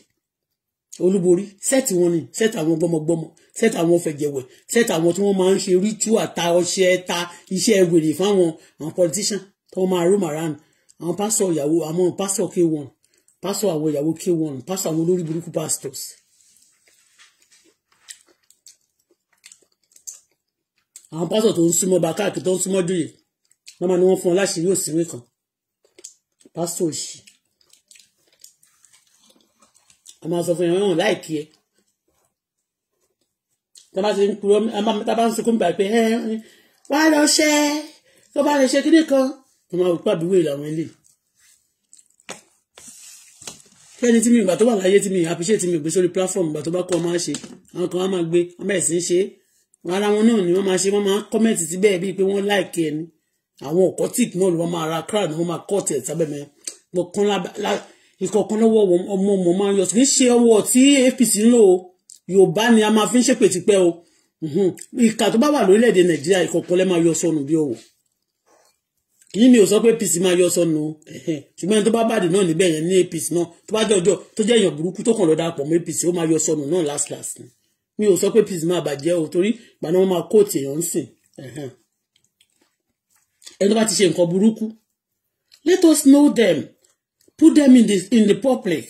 olúborí set wọn ni sẹ́ẹ̀tì àwọn gbọmọgbọmọ Set àwọn fẹ̀jẹ̀wẹ̀ Set àwọn tí wọ́n máa ń ṣe ritual ta ọṣẹ ta iṣẹ́ wèrè fáwọn àwọn politician tí wọ́n máa roam around àwọn pásọ̀ ìyàwó àwọn pásọ̀ k1 pásọ̀ àwọn ìyàwó k1 pásọ̀ àwọn olórí burúkú pastors. àwọn pásọ̀ tó ń súnmọ́ bá káàkiri tó ń súnmọ́ dòye wọ́n máa ní wọ́n fún ọ láṣìírí òsínwé kan pásọ̀ òṣì a máa sọ fún yẹn wọn láìkí ẹ tá bá ti ń kúrò tá bá ń sunkún gbà pé ẹ wá lọ ṣẹ tó bá lè ṣe kíní kan tó máa wò pàbí wèrè àwọn ilé kí ẹni tí mi ìgbà tó wà láyé tí mi àpèṣe tí mi gbé sórí platform ìgbà tó bá kọ́ ọ máa ṣe àwọn kan á máa gbé wọn bẹ̀rẹ̀ sí í ṣe wọn ara wọn náà ni wọn máa ṣe wọn máa kọ́mẹ̀tì sí bẹ́ẹ̀ bíi pé wọ́n láìkí ẹni àwọn ọ̀kọ́ tíì náà ni wọ́n máa ra crowd ni wọ́n máa kọ́ ọ̀tẹ̀ sábẹ́ mi mo kún lábẹ́ ìkọ̀ọ̀kan lọ́wọ́ ọmọ ọmọ máa ń yọ kì í ṣe ọwọ́ tí APC ń lò ó Yorùbá ni a máa fi ń ṣépè tipẹ́ o ìkà tó bá wà lórílẹ̀‐èdè Nàìjíríà ìkọ̀ọ̀kan lẹ́ máa yọ sọnù bí ọwọ́ kì í mi ò sọ pé APC máa yọ sọnù ṣùgbọ́n ẹni tó bá bàdé náà níbẹ̀ yẹn ní APC náà tó bá jẹ́ ọjọ́ tó jẹ́ èèyàn burúkú tó kàn lọ́dà pọ̀ mọ́ APC ó máa yọ sọnù náà last last ni mi ò sọ pé APC máa bàjẹ́ o torí ìgbà náà wọ́n máa kóòtù èèyàn ń sìn let us know them put them in the, in the public.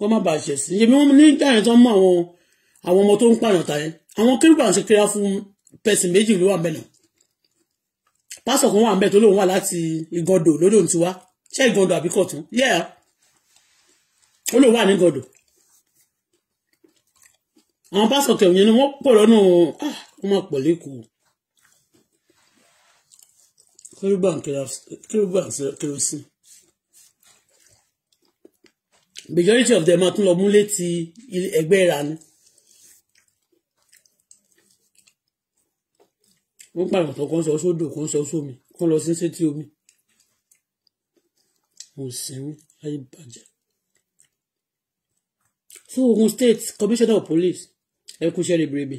wọ́n má bàa ṣẹ̀sìn ṣe bí wọ́n nígbà yẹn tó ń mú àwọn àwọn ọmọ tó ń pààyàn ta yẹn àwọn kérúbà ṣe kíra fún pẹ̀sìn méjì ló wà mẹ́nà pásọ̀ kan wà mẹ́ tó lóun wà láti ìgọ̀dọ̀ lódò tiwa ṣé ìgọ̀dọ̀ àbí kọ̀tún yẹ́ ó lóun wà ní ìgọ̀dọ̀ àwọn pásọ̀tẹ̀ yẹn ni wọ́n pọ̀ lọ́nà ah, wọ́n máa pọ̀ lẹ́kọ̀ọ́ kérúbàn kérosín majority of them máa tún lọ múlé ti ẹgbẹ́ ìranú wọ́n pààrọ̀ tó kàn sọ sódò kàn sọ sómi kàn lọ sí sétí omi mo sinmi ayé bàjẹ́ so Ogun State Commissioner of Police ẹ kú iṣẹ́ ribiribi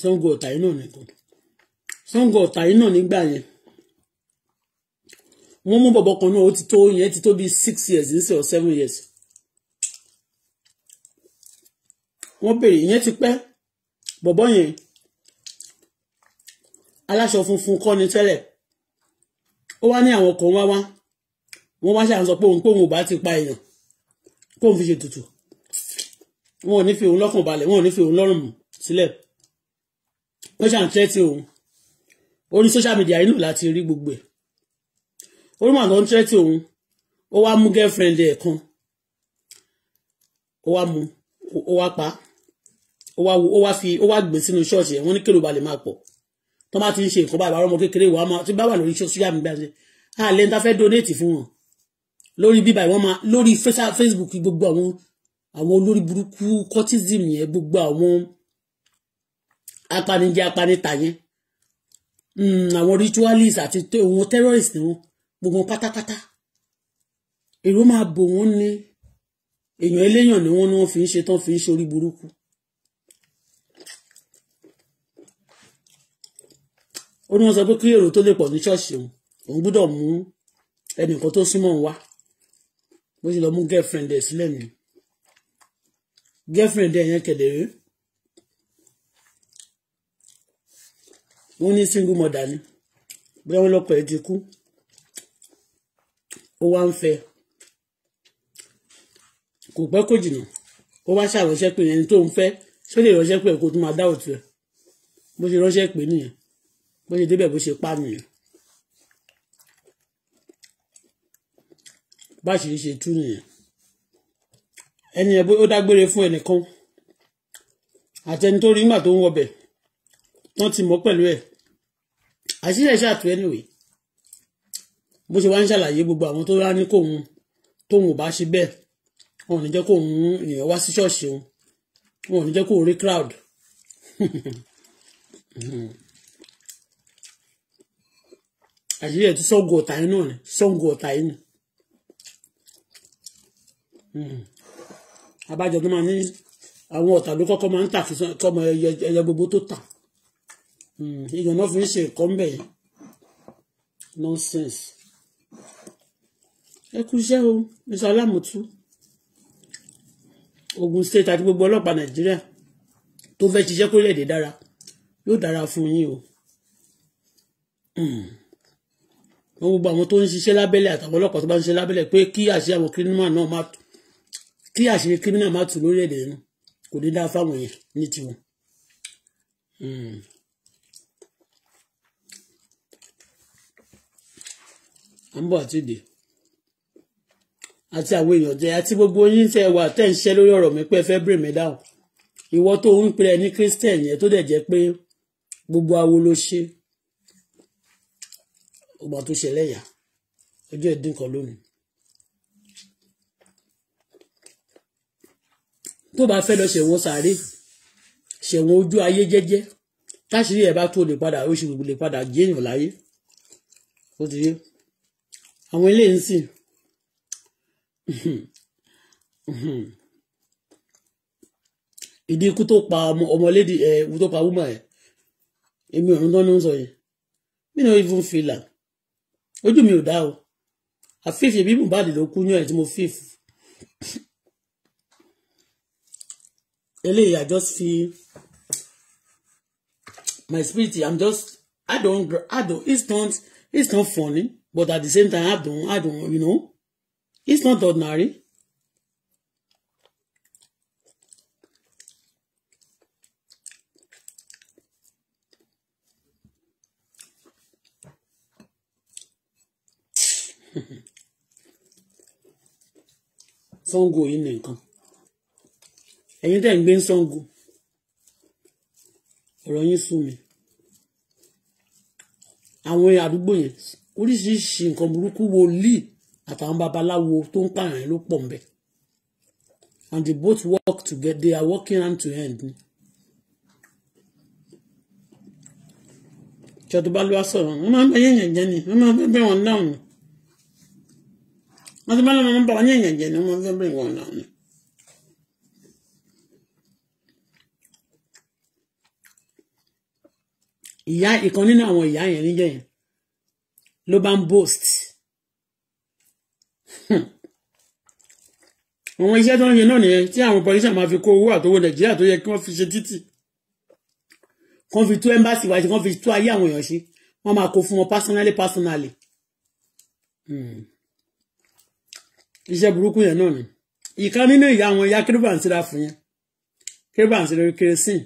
Ṣàngó mm. ọ̀tà yìí náà nìkan Ṣàngó ọ̀tà yìí náà nígbà yẹn wọ́n mú bọ̀bọ̀ kan náà ó ti tó yẹn ti tó bíi six years ní sẹ́ or seven years wọ́n béèrè ìyẹn ti pẹ́ bọ̀bọ̀ yẹn aláṣọ funfun kọ́ ni tẹ́lẹ̀ ó wá ní àwọn kan wá wá wọ́n wá ṣàǹsọ pé òun pé òun ò bá ti pa èèyàn kóun fi ṣètùtù wọn ò ní fi òun lọ́kàn balẹ̀ wọn ò ní fi òun lọ́rùn sílẹ̀ wọ́n ṣàn tẹ́tí òun orí social media yìí nù láti rí gbogbo ẹ̀ orí màdán ń tẹ́tí òun ó wá mú girlfriend ẹ̀ kan ó wá mú ó wá pa ó wá ó wá fi ó wá gbé sínú ṣọ́ọ̀ṣì ẹ̀ wọ́n ní kèrò balẹ̀ máa pọ̀ tó bá ti ń ṣe nǹkan báyìí àwọn ọmọ kékeré wàá máa tí bá wà lórí social media ṣe àlẹ́ ń ta fẹ́ donate fún wọn lórí bíbá ìwọ́n máa lórí Facebook gbogbo àwọn àwọn olórí burúkú cortism yẹn gbogbo àwọn apanijẹ apanita yẹn hmm, àwọn ritualist àti òun terrorist ni wọn gbogbo pátápátá èrò máa bò wọn ní èèyàn eléyàn ni wọn ni wọn fi ń ṣe tán fi ń ṣe orí burúkú. ó ní wọn sọ pé kí èrò tó lè pọ̀ ní ṣọ́ọ̀ṣì òun òun gbọ́dọ̀ mú ẹnìkan tó súnmọ́ òun bó ṣe lọ mú girlfriend ẹ̀ sílẹ̀ nìyẹn girlfriend ẹ̀ yẹn kẹ̀dẹ̀ rèé wọ́n ní single mother ni bóyá wọ́n lọ́kọ ẹ̀ ti kú ó wá ń fẹ́ kò pẹ́ kò jìnnà ó wá ṣàránṣẹ́ pé ẹni tó ń fẹ́ ṣó lè ránṣẹ́ pé kó tún máa dá òtún ẹ̀ bó ṣe ránṣẹ́ pé nìyẹn bó ṣe débẹ̀ bó ṣe pa nìyẹn bá ṣe ṣe tú nìyẹn ẹni yẹn ó dágbére fún ẹnìkan àtẹni tó rí nígbà tó ń wọbẹ̀ wọ́n ti mọ̀ pẹ̀lú ẹ̀ àṣírí ẹ̀ ṣàtú anyway bó ṣe wá ń ṣàlàyé gbogbo àwọn tó rá ní kóun tóun ò bá ṣe bẹ́ẹ̀ wọn ò ní jẹ́ kóun èèyàn wá sí ṣọ́ọ̀ṣì òun wọn ò ní jẹ́ kóun rí crowd àṣírí ẹ̀ sọ́ngù ọ̀tá yín náà ni sọ́ngù ọ̀tá yín ni. Hmm abájọ tó máa ní àwọn ọ̀tà ló kọ́kọ́ máa ń tà fún tọmọ ẹyẹ gbogbo tó tà hmm, ìyẹn náà fi ń ṣe ẹ̀kọ́ ńbẹ̀ nonsense ẹ kú iṣẹ́ o mr Alamutu Ogun State àti gbogbo ọlọ́pàá Nàìjíríà tó fẹ́ ṣiṣẹ́ kó lẹ́ẹ̀dẹ̀ dára yóò dára fún yín o hmm. wọ́n gbogbo àwọn tó ń ṣiṣẹ́ lábẹ́lẹ̀ àtàwọn ọlọ́pàá tó bá ń ṣiṣẹ́ lábẹ́lẹ̀ pé kí àṣẹ àwọn kírímà náà má tù kí àṣírí kírímìnà má tù lórílẹ̀-èdè yẹn kò ní dáa fáwọn yẹn ní tiwọn. Hmm. à ń bọ̀ àti ìdè àti àwọn èèyàn jẹ àti gbogbo yín tẹ wà tẹ̀ ń ṣe lórí ọ̀rọ̀ mi pé ẹ fẹ́ bèrè mi dáhùn ìwọ tó ń pè ẹ ní christian yẹn tó dẹ̀ jẹ́ pé gbogbo awo ló ṣe ọgbà tó ṣẹlẹ̀ yà ọjọ́ ìdín kan lónìí. tó bá fẹ́ lọ ṣẹ̀wọ̀n sàárè ṣẹ̀wọ̀n ojú ayé jẹ́jẹ́ táṣìírí ẹ̀ bá tó lè padà oṣù lè padà géèyàn láyé ó ti yé àwọn eléyìí ń sìn ìdí ikú tó pa ọmọ ọmọlédì ẹ ikú tó pa wúmọ ẹ èmi ọ̀run tán ló ń sọ yìí mi náà even feel am ojú mi ò dá o àfíìfì bí Mohbad ló kú yàn ẹ tí mo fíìfì eléyìí I just feel my spirit I'm just I don't I don't it's not it's not funny but at the same time I don't I don't you know it's not ordinary. Sango yìí nìkan ẹ̀yin tẹ́ ń gbé ń Ṣàngó ọ̀rọ̀ yín sún mi àwọn àdúgbò yẹn oríṣiríṣi nǹkan burúkú wòlíì àtàwọn babaláwo tó ń pààyàn yẹn ló pọ̀ ń bẹ̀ and they both work together they are working hand to hand ni. ìjọba ló wá sọ̀rọ̀ wọ́n máa ń bẹ yẹ̀yẹ̀ jẹ́ ni wọ́n máa ń bẹ wọn dáhùn wọ́n ti bá lọ́wọ́ wọn bá wọn yẹ̀yẹ̀ jẹ́ ni wọ́n máa ń bẹ wọn dáhùn ni. ìyá ìkan nínú àwọn ìyá yẹn níjẹ yẹn ló bá ń boast àwọn iṣẹ́ tó ń yẹn náà nìyẹn tí àwọn politician máa fi kó owó àtowó nàìjíríà tó yẹ kí wọ́n fi ṣe títì kán fi tú embassy wáṣẹ kán fi tú ayé àwọn èèyàn ṣe wọ́n máa kó fún wọn personally personally hmm. iṣẹ́ burúkú yẹn náà ni ìkan nínú ìyá àwọn ìyá kérébà ń síra fún yẹn kérébà ń síra kérésìn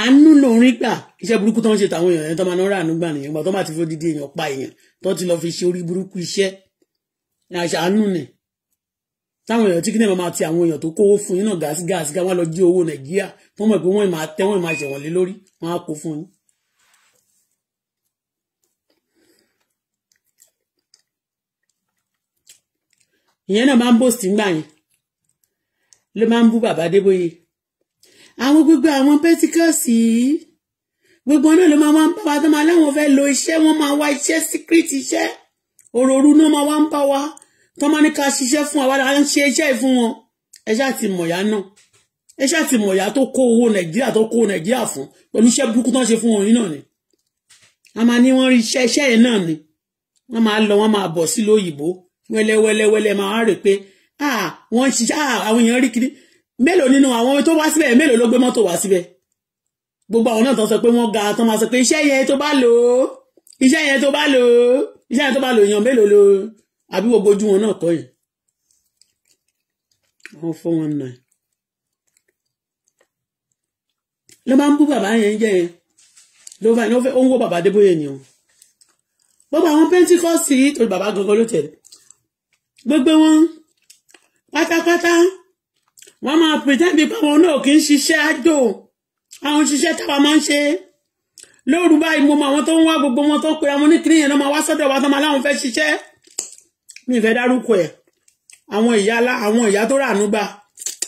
àánú lòun rí gbà iṣẹ́ burúkú tó ń ṣe tàwọn èèyàn yẹn tó máa ń rà àánú gbà nìyẹn gbà tó máa ti fi odidi èèyàn pa èèyàn tó ti lọ fi ṣe orí burúkú iṣẹ́ àṣàánú ni táwọn èèyàn tí kí náà máa ti àwọn èèyàn tó kówó fún yín náà gáàsì gáàsì ká wọn lọ jí owó nàìjíríà tó mọ̀ pé wọ́n máa tẹ́ wọ́n máa ṣẹ̀wọ̀n lé lórí wọ́n á kó fún yín. ìyẹn náà máa ń bòsì ńgbà yẹn ló máa ń bú bàbá Adébóyè àwọn gbogbo àwọn pẹ́tíkọ́sì gbogbo náà ló máa wá ń bá wa tó máa láwọn fẹ́ lo iṣẹ́ wọ́n máa wá iṣẹ́ secret iṣẹ́ òròrú náà máa wá ń bá wa tó máa ní ká ṣiṣẹ́ fún wa láti ṣe iṣẹ́ ìfún wọn ẹ ṣáà ti mọ̀yá náà ẹ ṣáà ti mọ̀yá tó kó owó nàìjíríà tó kó nàìjíríà fún pẹ̀lú iṣẹ́ burúkú tó ń ṣe fún wọn yìí náà ni a máa ní wọ́n rí iṣẹ́ iṣẹ́ yẹn náà ni wọ́n máa lọ wọ́n máa bọ̀ sí lóyìnbó wẹ́lẹ́wẹ́lẹ́wẹ́lẹ́ máa rè pé ah wọ́n ṣiṣẹ́ ah, àwọn èèyàn rí kiri mélòó nínú àwọn tó wá síbẹ̀ mélòó ló gbé mọ́tò wá síbẹ̀ gbogbo àwọn náà tó sọ pé wọ́n ga tó máa sọ pé iṣẹ́ yẹn tó bá lò ó iṣẹ́ yẹn tó bá lò ó iṣẹ́ yẹn tó bá lò èèyàn mélòó lò ó àbí gbogbo ojú wọn náà kọ́ yìí. wọ́n fọ́ wọn nà ló máa ń bú bàbá yẹn jẹ́ yẹn ló bá yẹn ó ń wó bàbá débóyè ni o gbogbo àwọn pẹ́ńtíkọ́sì torí bàbá gangan ló tẹ̀ gbogbo wọn pátápátá wọ́n máa pretend bí báwọn náà kì í ṣiṣẹ́ àjò àwọn òṣìṣẹ́ táwa máa ń ṣe lóru báyìí mo mọ àwọn tó ń wá gbogbo wọn tó ń pera wọn ní kíní yẹn náà máa wá sọ́dọ̀ wa tó máa láwọn fẹ́ ṣiṣẹ́ mi fẹ́ dárúkọ ẹ̀ àwọn ìyá àwọn ìyá tó ràánú gbà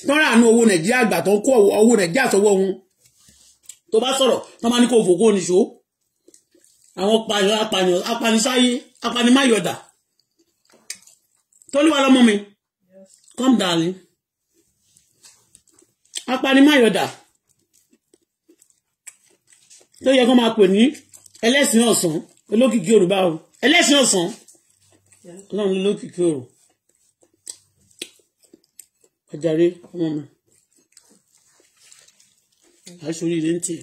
tó ràánú owó nàìjíríà gbà tó ń kó owó nàìjíríà sọ́wọ́ wọn tó bá sọ̀rọ̀ tó máa ní kó fòkó nìṣó àwọn apanisáyé apanimáyọ̀dà tó lè wà lọ́mọ mi come darling apanimáyọ̀dà tó yẹ kó máa pè ní ẹlẹ́sìn ọ̀sán olókìkí yorùbá o ẹlẹ́sìn ọ̀sán ọlọ́run olókìkí òrò ọjàre ọmọ mi aṣọ oríire ń tiẹ̀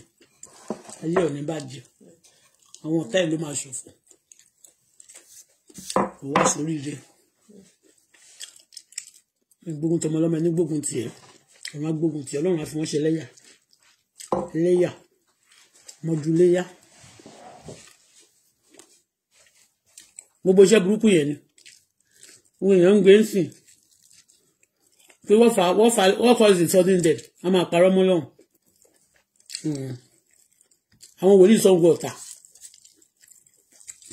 ayé ò ní bàjẹ́ àwọn ọ̀tá ìlú máa ṣòfò òwò aṣọ oríire gbógun tọmọlọmọ ẹni gbógun tiẹ̀ wọn á gbógun tì ọlọ́run á fi wọ́n ṣe lẹ́yà lẹ́yà mọ́dúléyà gbogbo iṣẹ́ burúkú yẹn ni òun èèyàn ń gbé ń sìn pé wọ́n fa wọ́n fa wọ́n cause the sudden death a máa parọ́ mọ́ lọ́hùn hmm. àwọn wòlíì Ṣàngó ọ̀tà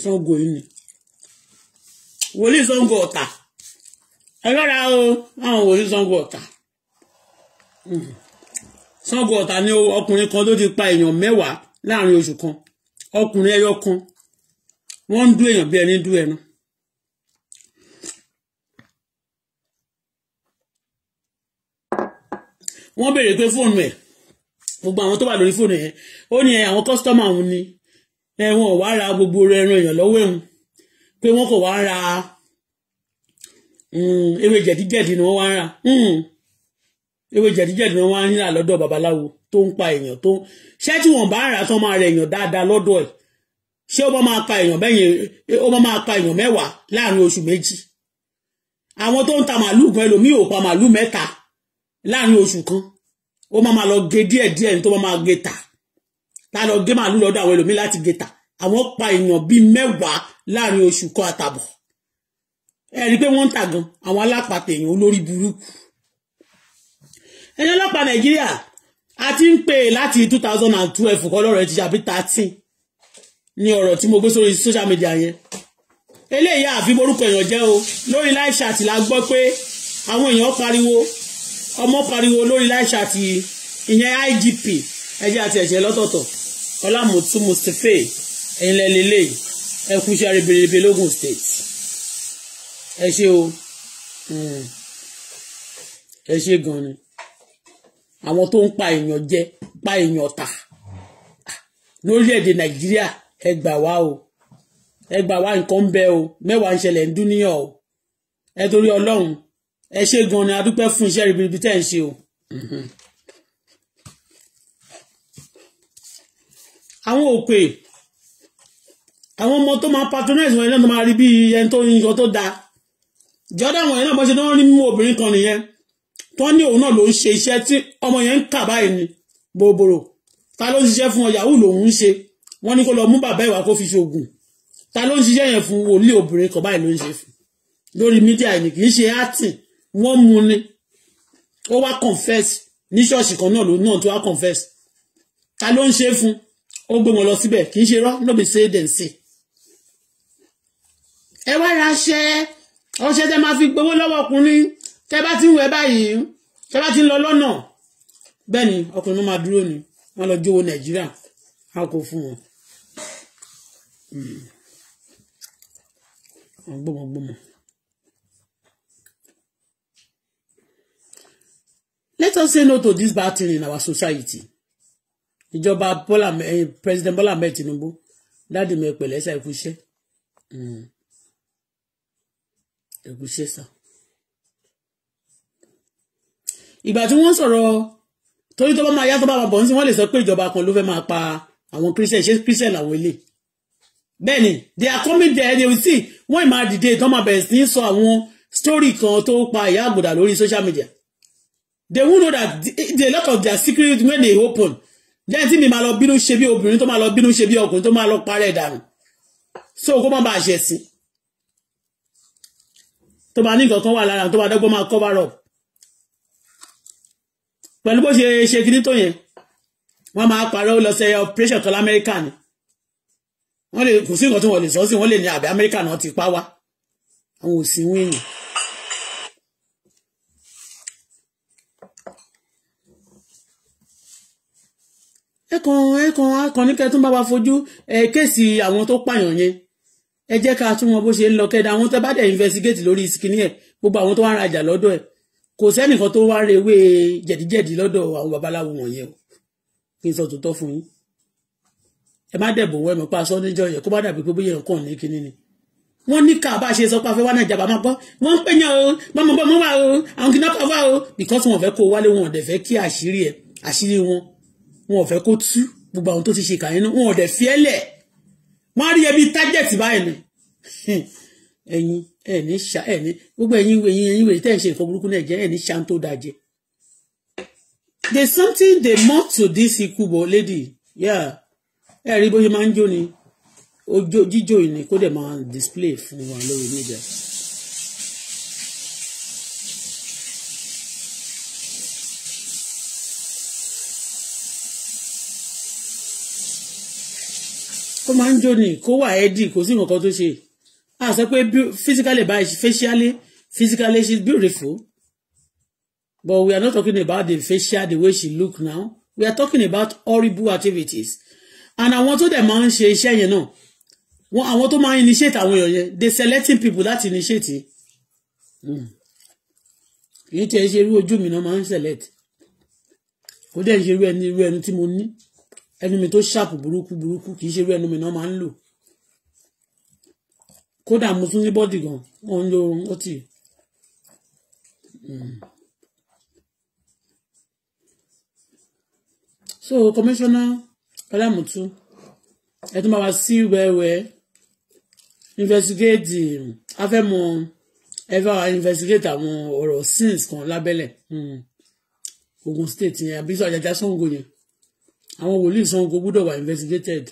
Ṣàngó yìí ni wòlíì Ṣàngó ọ̀tà ẹ lọ́ra o àwọn wòlíì Ṣàngó ọ̀tà. Ṣàngó Ọ̀tà ni ọkùnrin kan ló ti pa èèyàn mẹ́wàá láàrin oṣù kan ọkùnrin ẹyọ kan wọ́n ń dú èèyàn bí ẹni dú ẹnu. wọ́n béèrè pé fóònù ẹ̀ gbogbo àwọn tó wà lórí fóònù yẹn ó ní àwọn kọ́sítọ́mà òun ni ẹ̀wọ̀n ò wá ra gbogbo ẹran èèyàn lọ́wọ́ ẹ̀hún pé wọ́n kò wá ra mm, ewé jẹ̀díjẹ̀dí ni wọ́n wá ra. Mm ewé jẹ̀díjẹ̀dí ni wọ́n á ń rà lọ́dọ̀ babaláwo tó ń pa èèyàn tó ṣé tí wọ́n bá rà tán máa rẹ èèyàn dáadáa lọ́dọ̀ ẹ̀ ṣé ó bá máa pa èèyàn bẹ́yẹn ó bá máa pa èèyàn mẹ́wàá láàrin oṣù méjì àwọn tó ń ta màálù gan ẹlòmíì ò pa màálù mẹ́ta láàrin oṣù kan ó máa lọ ge díẹ̀ díẹ̀ tó máa máa ge tà tá lọ gé màálù lọ́dọ̀ àwọn ẹlòmíì láti ge tà àwọn pa èèyàn bíi mẹ́wàá láàrin oṣù kan àtàbọ̀ ẹ pé wọ́n ń tà gan àwọn alápàtà èèyàn olórí burúkú ẹ̀yin ọlọ́pàá nàìjíríà a ti ń pè láti two thousand and twelve kọ́ lọ́rọ̀ ẹ̀ ti ṣàbí thirteen ní ọ̀rọ̀ tí mo gbé sórí social media yẹn eléyìí àfi morúkọ èèyàn jẹ́ o lórí live chat la gbọ́ pé àwọn èèyàn pariwo ọmọ pariwo lórí live chat ìyẹn IGP ẹjẹ́ àti ẹ̀jẹ̀ lọ́tọ̀ọ̀tọ̀ ọlámùtú mustapha ẹ̀yìnlẹ̀ lélẹ̀ ẹ̀kú iṣẹ́ ribiribi lógùn state ẹ ṣé o hmm. ẹ ṣé gan ni àwọn tó ń pa èèyàn jẹ pa èèyàn tà lórílẹ̀‐èdè nàìjíríà ẹ gbà wá o ẹ gbà wá nǹkan ń bẹ o mẹ́wàá ń ṣẹlẹ̀ ń dúníyàn o ẹ torí ọlọ́run ẹ ṣe gan ni adúpẹ́ fún iṣẹ́ ribiribi tẹ́ ń ṣe o. àwọn òpè àwọn ọmọ tó máa patronize wọn náà tó máa rí bí ẹni tó ń yọ tó dáa jọ́dá wọn náà bó ṣe náà rí mú obìnrin kan nìyẹn tó ní òun náà ló ń ṣe iṣẹ́ tí ọmọ yẹn ń kà báyìí ni bòbòrò ta ló ń ṣiṣẹ́ fún ọ yahoo lòun ń ṣe wọ́n ní kó lọ mú bàbá ìwà kó fi ṣoògùn ta ló ń ṣiṣẹ́ yẹn fún wòlíì obìnrin kan báyìí ló ń ṣe fún lórí mídíà ẹni kì í ṣe acting wọ́n mú ni ó wá confess ní ṣọ́ọ̀ṣì kan náà ló náà tó wá confess ta ló ń ṣe fún ó gbé wọn lọ síbẹ̀ kì í ṣe rọ́ lóbi ṣe é dẹ̀ ń ṣe. ẹ wá ra ṣẹ́ ọṣẹ tẹ máa fi gbowó lọ́wọ́ ọkùnrin tẹ́ bá ti ń wẹ báyìí tẹ́ bá ti ń lọ lọ́nà bẹ́ẹ̀ ni ọkùnrin máa dúró ni wọ́n lọ jówó nàìjíríà a kò fún wọn. Hmm. Let us say no to this bad thing in our society. Ìjọba Bọ́lá eh, President Bọ́lá Ahmed Tinubu dáàdì mi pẹ̀lẹ́ ṣá ẹ̀kúṣẹ́ ẹ̀kúṣẹ́ sá ìgbà tí wọ́n sọ̀rọ̀ torí tó bá máa yá tó bá máa bọ̀ ní sí wọ́n lè sọ pé ìjọba kan ló fẹ́ máa pa àwọn christian ṣé christian làwọn ilé bẹ́ẹ̀ ni they are coming there they will see wọ́n máa dìde tó máa bẹ̀rẹ̀ sí í sọ àwọn story kan tó pa ìyá àgùdà lórí social media they will know that the lot of their secret when they open then tí mi máa lọ bínú ṣe bí obìnrin tó máa lọ bínú ṣe bí ọkùnrin tó máa lọ parẹ́ dànù so kó má bàa ṣẹ̀ sí tó bá ní nǹkan kan wà lára tó bá dọ́gbọ́n máa cover up pẹ̀lú bó ṣe ṣe kiri tó yẹn wọ́n máa parọ́ lọ sí operation kan lamẹ́ríkà ni wọ́n lè kù sí nǹkan tí wọ́n lè sọ sí wọ́n lè ní àbí amẹ́ríkà náà ti pa wá àwọn ò sí wọ́n èèyàn. ẹ kàn ẹ kàn akọni kẹ tún bá wa fojú ẹ kéèsì àwọn tó pààyàn yẹn ẹ jẹ́ ká tún wọn bó ṣe ń lọ kẹ́dà àwọn tó bá dẹ̀ investigate lórí ìsìnkí ní ẹ̀ gbogbo àwọn tó wá ń rajà lọ́dọ̀ ẹ̀ kò sẹ́nìkan tó wá rewé jẹ̀díjẹ̀dí lọ́dọ̀ àwọn babaláwo wọ̀nyẹn o kí n sọ tòótọ́ fún yín ẹ má dẹ̀ bòwọ́ ẹ̀mọ́ pa aṣọ níjọ yẹn kó má dàbí pé bóyá ẹ̀kọ́ ní kinní ni wọ́n ní ká bá ṣe sọ pé afẹ́wá náà jàbá máa gbọ́ wọ́n ń pènyàn o gbọ́mọgbọ́mọ wà o àwọn kìnnàpà wà o because wọn ò fẹ́ kó wálé wọn ò dẹ̀ fẹ́ kí àṣírí ẹ àṣírí wọn wọn ò fẹ́ kó tú gbogbo àwọn tó ti ṣe kàyínú ẹ̀yin ẹ ní ṣá gbogbo ẹ̀yin ẹ̀yin ẹ̀yin wèrè tẹ́ ẹ̀ ń ṣe nǹkan burúkú náà jẹ́ ẹ ní ṣá tó dáa jẹ. there something to this Ikubo lady yeah ẹ rí bó ṣe máa ni jíjó ni display fún wa lórí media. ó máa ń jó ni kó wà ẹ́dì tó a sọ pé physically by facially physically she's beautiful but we are not talking about the facial the way she look now we are talking about horrible activities and àwọn tó dẹ̀ máa ń ṣe iṣẹ́ yẹn náà wọn àwọn tó máa ń initiate àwọn èèyàn yẹn they selecting people láti initiate hmm. kì í tiẹ̀ ṣe irú ojú mi náà máa ń select kò dẹ̀ ṣe irú ẹni irú tí mo ní ẹnu mi tó ṣàpù burúkú burúkú kì í ṣe irú ẹnu mi náà máa ń lò kódà mo tún ní bọ́dì gan wọn ń lo ọtí. so commissioner Fẹlámùtù ẹ tún máa wá sí wẹ́wẹ́ investigate afẹ́mọ̀ ẹ fẹ́ wá investigate àwọn ọ̀rọ̀ sins kan lábẹ́lẹ̀ mm. Ogun state yẹn àbí sọ àjàjà Ṣàngó yẹn àwọn wòlíì Ṣàngó gbọ́dọ̀ wà investigated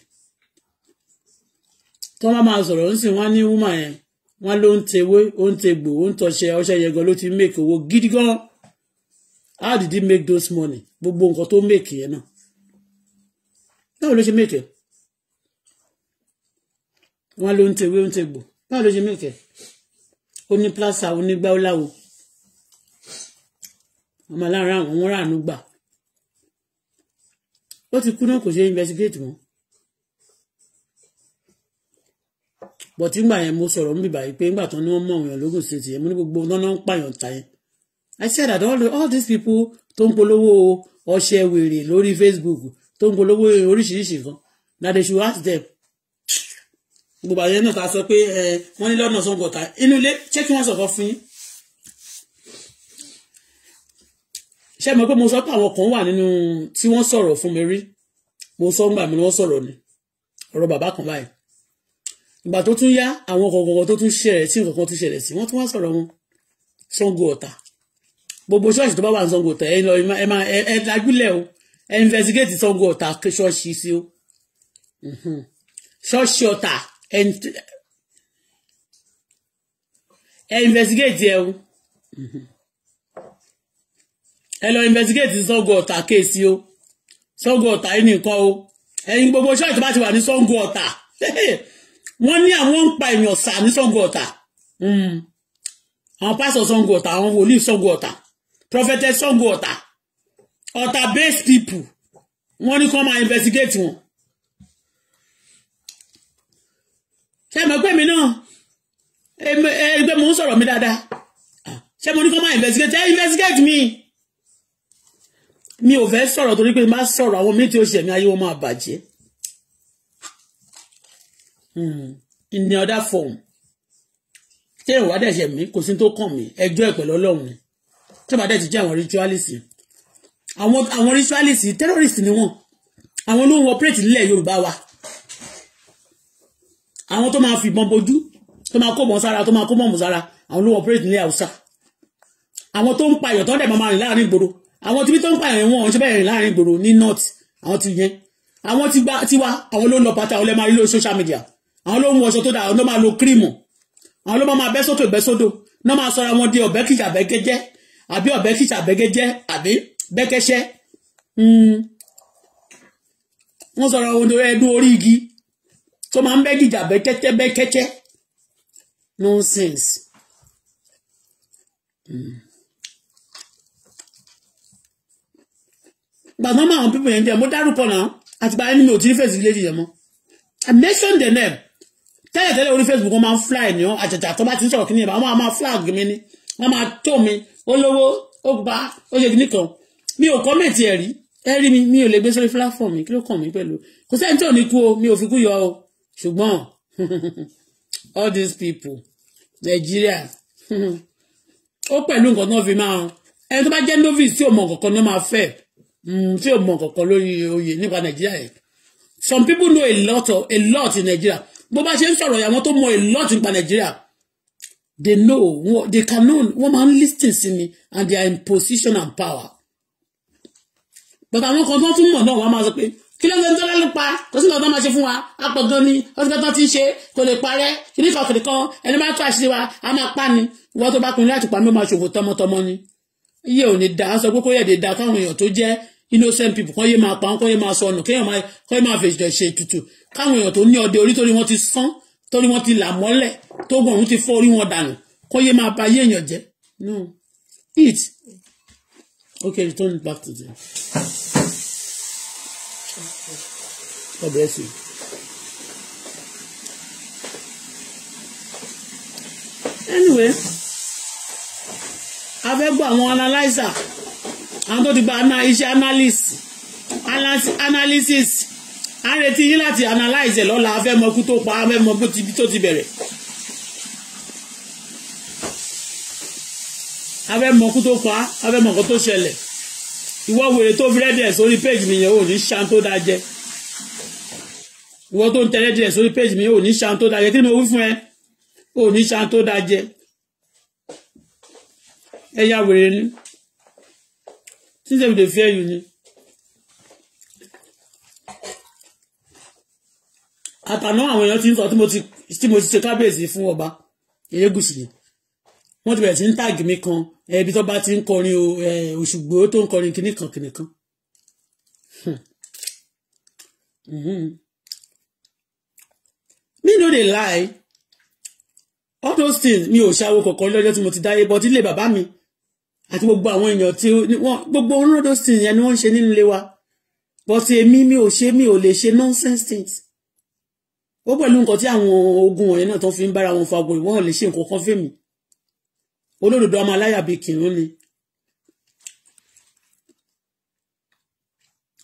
tí bá máa sọ̀rọ̀ ń sìn wọ́n ní woman yẹn wọ́n ló ń tewé ó ń tegbò ó ń tọṣẹ ọṣẹ yẹn gan ló ti make owó gidi gan how did he make those money gbogbo nǹkan tó make yẹn náà báwo ló ṣe make ẹ wọ́n ló ń tewé ó ń tegbò báwo ló ṣe make ẹ ó ní plaza onígbáwóláwo ọmọ aláàárọ̀ àwọn wọn rà ánú gbà ó ti kú náà kò ṣe investigate wọn. but nígbà yẹn mo sọ̀rọ̀ ń bìbà yìí pé nígbà tán ni wọ́n mọ̀ àwọn èèyàn lógún state yẹn mo ní gbogbo náà ń pààyàn ta yẹn I said that all, the, all these people tó ń polówó ọṣẹ wèrè lórí Facebook tó ń polówó oríṣiríṣi kan na they should ask them gbogbo àyẹ̀ náà ta sọ pé wọ́n ní lọ́nà sọ́ngọ̀ta inú ilé ṣé kí wọ́n sọ̀kọ́ fún yín ṣé mo pé mo sọ pé àwọn kan wà nínú tí wọ́n sọ̀rọ̀ fún mi rí mo sọ ń gbà mí ni wọ́n sọ̀rọ̀ ni ọ̀rọ̀ bàbá kan báyìí ìgbà tó tún yá àwọn kọ̀ọ̀kan tó tún ṣẹlẹ̀ tí nǹkan kan tún ṣẹlẹ̀ sí wọ́n tún wá sọ̀rọ̀ wọn Ṣàngó Ọ̀tà gbogbo ṣọ́ọ̀ṣì tó bá wà ní Ṣàngó Ọ̀tà ẹ lọ ẹ máa ẹ lajúlẹ̀ o ẹ investigate Ṣàngó Ọ̀tà ṣọ́ọ̀ṣì sí o mhm. ṣọ́ọ̀ṣì Ọ̀tà ẹ investigate ẹ o mhm. ẹ lọ investigate Ṣàngó Ọ̀tà kéèsì o Ṣàngó Ọ̀tà ẹnì kan o ẹyin gbogbo ṣọ́ọ̀ṣì tó bá ti wà ní Ṣàngó Ọ̀tà wọ́n ní àwọn ń pa èèyàn sà ní Ṣàngó Ọ̀tà hmm. àwọn pásọ̀ Ṣàngó Ọ̀tà àwọn wòlíì Ṣàngó Ọ̀tà prophetess Ṣàngó Ọ̀tà Ọ̀tà based people wọ́n ní kó máa investigate wọn. ṣé mo pè mí náà ẹgbẹ́ mo ń sọ̀rọ̀ mi dáadáa ṣé mo ní kó máa investigate ẹ investigate mi mi ò fẹ́ sọ̀rọ̀ torí pé má sọ̀rọ̀ àwọn mi tí ó ṣẹ̀mí ayé wọn máa bàjẹ́ Hmm. in the other form tí èrò wá dẹ̀ ṣe mí kò sí tó kàn mí ẹjọ́ ẹ̀ pẹ̀lú ọlọ́run ni tí wọ́n bá dẹ̀ ti jẹ́ àwọn ritualist àwọn àwọn ritualist terrorist ni wọ́n àwọn ló ń operate nílẹ̀ yorùbá wa àwọn tó máa fìbọn bojú tó máa kó bọ̀n sára tó máa kó bọ̀n sára àwọn ló ń operate nílẹ̀ haúsá àwọn tó ń payọ̀ tó ń dẹ̀ máa rìn láàrin ìgboro àwọn tí tó ń pààyàn wọn ọ̀n ṣe bẹ́ẹ̀ rìn láàrin ìgboro ní north àwọn ti yẹn àwọn ti gba tiwa àwọn ló ń lọ pátá ọlẹ́ máa rí lórí social media àwọn ló ń wọṣọ tó dáa àwọn ló máa lo kírìmù àwọn ló máa máa bẹ́ sódò bẹ́ sódò náà máa sọra wọn di ọ̀bẹ́ kìjà bẹ́gẹ́jẹ́ àbí ọ̀bẹ́ kìjà bẹ́gẹ́jẹ́ àbí bẹ́kẹ́ṣẹ́ hmm. wọ́n sọra wọn ẹdún orí igi tó máa ń bẹ́ kìjà bẹ́kẹ́tẹ́ bẹ́kẹ́tẹ́ nonsense. Hmm. gbàgbọ́n máa àwọn pípọ̀ yẹn jẹ́ mo dárúkọ náà àtìgbà ẹni mi ò tí ń fèsì léjì yẹn mọ́ I mentioned the name tẹ́lẹ̀ tẹ́lẹ̀ orí Facebook wọ́n máa ń fly ni wọ́n àjàjà tó bá ti ń sọ̀rọ̀ kíní ẹ̀ máa máa flag mi ni wọ́n máa tó mi ó lówó ó gba ó ṣe kíní kan mi ò kọ́mẹ̀tì ẹ̀ rí ẹ rí mi mi ò lè gbé sórí platform mi kí ló kàn mí pẹ̀lú kò sẹ́ni tí ò ní kú o mi ò fi kú yọ o ṣùgbọ́n all these people Nigeria ó pẹ̀lú nǹkan náà fi máa ẹni tó bá jẹ́ novice tí ò mọ̀ kankan náà máa fẹ́ mm, tí ò mọ̀ kankan lórí oyè nípa Nigeria yẹn some people know a lot of a lot in Nigeria bó bá ṣe ń sọ̀rọ̀ àwọn tó mọ ìlọ́ọ̀tì nípa nàìjíríà they know they can know wọ́n máa ń listen sí mi and they are in position and power but àwọn kan tó tún mọ̀ náà wọ́n máa sọ pé kí ló ń gbé tọ́lá ló pa kò sí nǹkan tó máa ṣe fún wa a pọ̀ gan ni ọdún tó ti ń ṣe kò lè parẹ́ kìíní kan kìíní kan ẹni máa tó àṣírí wa a máa pa ni ìwọ tó bá pinnu láti pa mí ó máa ṣòfò tọmọtọmọ ni iye ò ní da a sọ pé kó yẹ̀dẹ̀ da káwọn èèyàn tó jẹ́ innocent people kọ́ yé máa pa kọ́ yé máa sọnù kéèyàn máa kọ́ yé máa fèsì ṣe tutù káwọn èèyàn tó ní ọdẹ orí torí wọn ti sán torí wọn ti là mọ́lẹ̀ tó gbọ̀rún ti fọ́ orí wọn dànù kó yé máa ba ayé èèyàn jẹ́ no eat okay return back to them. God bless you. anyway a fẹ́ gbọ́ àwọn analyzer àwọn tó ti gba iṣẹ́ analysis analysis a ń retí yín láti analyze ẹ̀ lọ́la afẹ́mọ́kú tó pa afẹ́mọ́kú tó ti bẹ̀rẹ̀ afẹ́mọ́kú tó pa afẹ́mọ́kú tó ṣẹlẹ̀ ìwọ wèrè tó fi rẹ́díẹ̀ sórí péjì mi yẹn ò ní ṣan tó dáa jẹ ìwọ tó ń tẹ rẹ́díẹ̀ sórí péjì mi yẹn ò ní ṣan tó dáa jẹ kí ni mo wí fún ẹ ò ní ṣan tó dáa jẹ ẹ yá wèrè ni since dem dey fear you ni. àtàná àwọn èèyàn ti ń sọ tí mo ti tí mo ti ṣe kábíyèsí fún ọba Elégùṣì ni wọ́n ti bẹ̀rẹ̀ sí ń táàgì mi kan ibi tó bá ti ń kọrin Òṣùgbó tó ń kọrin kinní kan kinní kan. mi hmm. hmm. no dey lie all those things mi ò ṣàwó kọ̀ọ̀kan lọ́jọ́ tí mo ti dáyé but ilé bàbá mi àti gbogbo àwọn èèyàn tí wọ́n gbogbo all those things yẹn ni wọ́n ń ṣe nínú ilé wa but èmi mi ò ṣe mi ò lè ṣe nonsense things ó pẹ̀lú nǹkan tí àwọn ogun wọ̀nyẹn náà tó fi ń bára wọn fa gbòòrò wọn ò lè ṣe nǹkan kan fèmí olódodo ọmọ aláyà bíi kìnnìún ni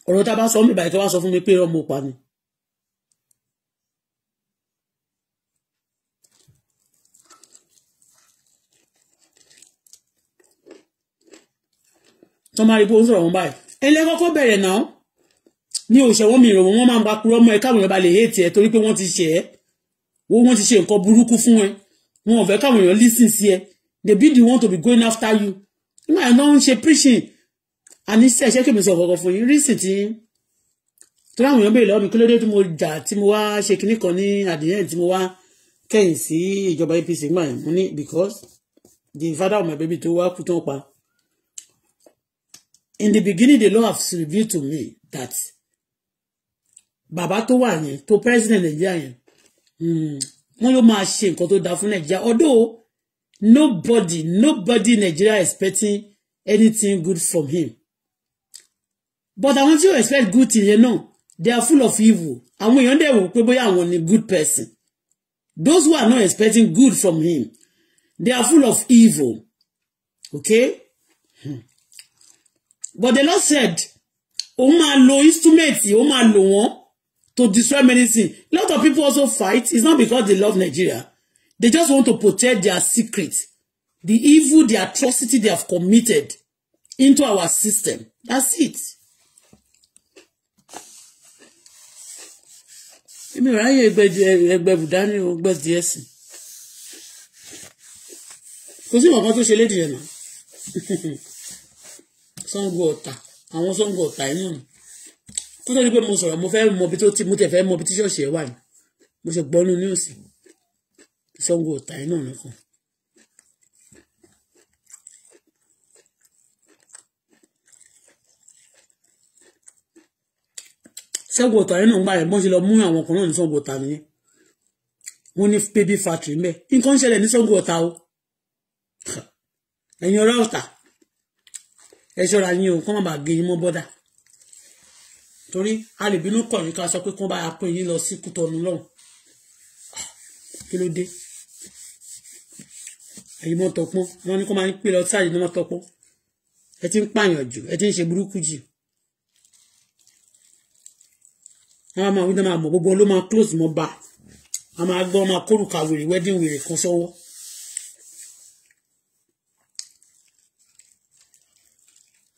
ọ̀rọ̀ tá a bá sọ mí báyìí tó wá sọ fún mi pé ọmọ òpa ni. tọ́mọ àrígbó ń sọ̀rọ̀ wọn báyìí ẹ̀yin bẹ̀rẹ̀ náà ní òṣè wọn mìíràn wọn máa ń bá purọ́ mọ́ ẹ káwọn èèyàn bá lè hate ẹ torí pé wọ́n ti ṣe ẹ wọ́n wọ́n ti ṣe nǹkan burúkú fún ẹ wọn ò fẹ́ káwọn èèyàn listen sí ẹ they be the one to be going after you nígbà yẹn náà ń ṣe preaching àní sí ẹṣẹ kìmí sọ kọkọ fún yín reason tí torí àwọn èèyàn béèrè lọ́wọ́ mi kí ló dé tí mo jà tí mo wá ṣe kinní kan ní àdìyẹ tí mo wá kẹ́yìn sí ìjọba APC nígbà yẹn mo ní because the father of my baby tó wá kú tán pa in the beginning the law has revealed to me that bàbá tó wà yẹn tó president nàìjíríà yẹn hmm, wọn yóò máa ṣe nǹkan tó dáa fún nàìjíríà although nobody nobody Nigeria expecting anything good from him but àwọn tí yóò expect good thing yẹn náà they are full of evil àwọn èèyàn dẹ̀ wò pé bóyá àwọn ni good person those who are not expecting good from him they are full of evil okay hmm. but the Lord said òun máa lo instrument òun máa lò wọ́n to destroy many things. A lot of people also fight. It's not because they love Nigeria. They just want to protect their secret, the evil, the atrocity they have committed into our system. That's it. èmi ò ráyè ẹgbẹ́ bùdání o gbẹ́ díẹ̀ sí kò sí nǹkan tó ṣe lédìí rẹ̀ náà Ṣàngó Ọ̀tà àwọn Ṣàngó Ọ̀tà inú ni kó tó ní pé mo sọ̀rọ̀ mo fẹ́ mọ ibi tó ti mo tẹ̀ fẹ́ mọ ibi tí ṣọ́ọ̀ṣì ẹ̀ wà ní mo ṣe gbọ́ nínú níwùsì Ṣàngó ọ̀tá iná nìkan. Ṣàngó ọ̀tá iná ń gbà rẹ̀ bọ́n ṣe lọ mú àwọn ọkùnrin náà ní Ṣàngó ọ̀tá nìyẹn wọ́n ní baby factory mbẹ nǹkan ń ṣẹlẹ̀ ní Ṣàngó ọ̀tá o ẹ̀yin ọ̀rá ọ̀tá ẹ ṣọ́ra yín o kọ́ máa bàa gé yín mọ́ bọ́dà torí a lè bínú kàn yín ká sọ pé kó bá a pín yín lọ sí kútọ́nu lọ́hùn kí ló dé èyí mọ́ tọpọ́n wọ́n ní kó máa ń pè lọ sáàyè ní wọ́n tọpọ́n ẹ ti ń pààyàn jù ẹ ti ń ṣe burúkú jù wọ́n máa wí náà máa mọ̀ gbogbo ló máa close mọ́ bá a máa gbọ́ máa kórùkà wèrè wedding wèrè kan sọ́wọ́.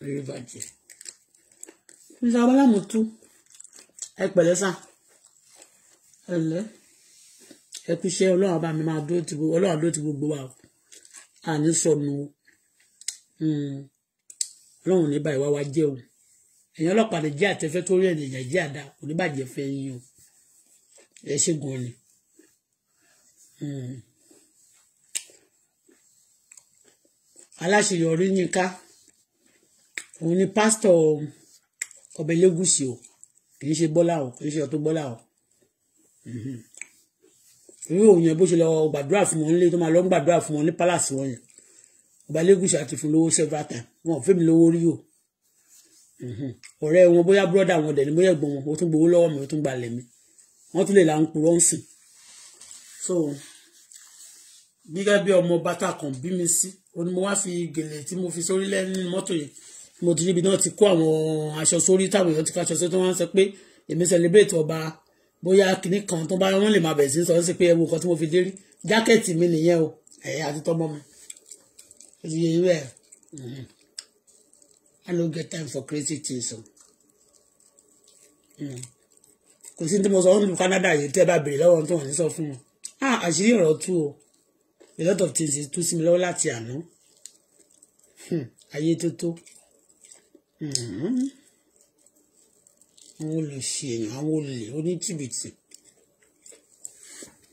Ẹ yóò bàjẹ́ mr mutu tú ẹ pẹ̀lẹ́ sà ẹ̀lẹ́ ẹ kú iṣẹ́ ọlọ́run àbá mi máa dúró ti gbogbo ọlọ́run àdúró ti gbogbo wa àní sọnù hmm. ọlọ́run ní báyìí wá wá jẹ́ òun ẹ̀yin ọlọ́pàá lè jẹ́ àtẹ́fẹ́ tó rí ẹ̀yìn ìjàjẹ́ àdá kò ní bàjẹ́ fẹ́ yín o ẹ ṣe gan ni. Hmm. aláṣeyọrí yín ká òun ni pásítọ̀ ọ̀hún ọba elégùsì o kì í ṣe bọ́lá o kì í ṣe ọtún bọ́lá o irú òun yẹn bó ṣe lọ gbàdúrà fún wọn nílé tó máa lọ ń gbàdúrà fún wọn ní palace wọn yẹn ọba elégùsì àti fún lówó several times wọn ò fẹ́ mi lówó rí o ọ̀rẹ́ wọn bóyá búrọ́dà wọn dẹ̀ ni bóyá ẹ̀gbọ́n wọn ó tún gbowó lọ́wọ́ mi ó tún gbalẹ̀ mi wọ́n tún lè là ń purọ́ ń sìn so gẹ́gẹ́ bí ọmọ bàtà kan bí mi sí ó ní mo wá fi gèlè tí mo fi sórí lẹ́nu mọ́tò yẹn mo ti ríbi náà ti kó àwọn aṣọ sórí táwọn èèyàn ti ká aṣọ sórí tó wọ́n sọ pé èmi celebrate ọba bóyá kinní kan tó bá wọ́n lè máa bẹ̀rẹ̀ sí sọ sí pé ẹwọ kan tí mo fi dé jákẹ́ẹ̀tì mi nìyẹn o ẹ̀yà àti tọ́mọ mi oṣù yẹn rẹ̀ I no get time for crazy things o kò sí tí mo sọ ọ́n lu Canada yìí tẹ́ bá béèrè lọ́wọ́ tó wọ́n ní sọ fún wọn ah àṣírí ọ̀rọ̀ tú o a lot of things tú sí mi lọ́wọ́ láti àná hmm, ayé tó tó àwọn hm. olùsí èèyàn àwọn olè onítìbìtì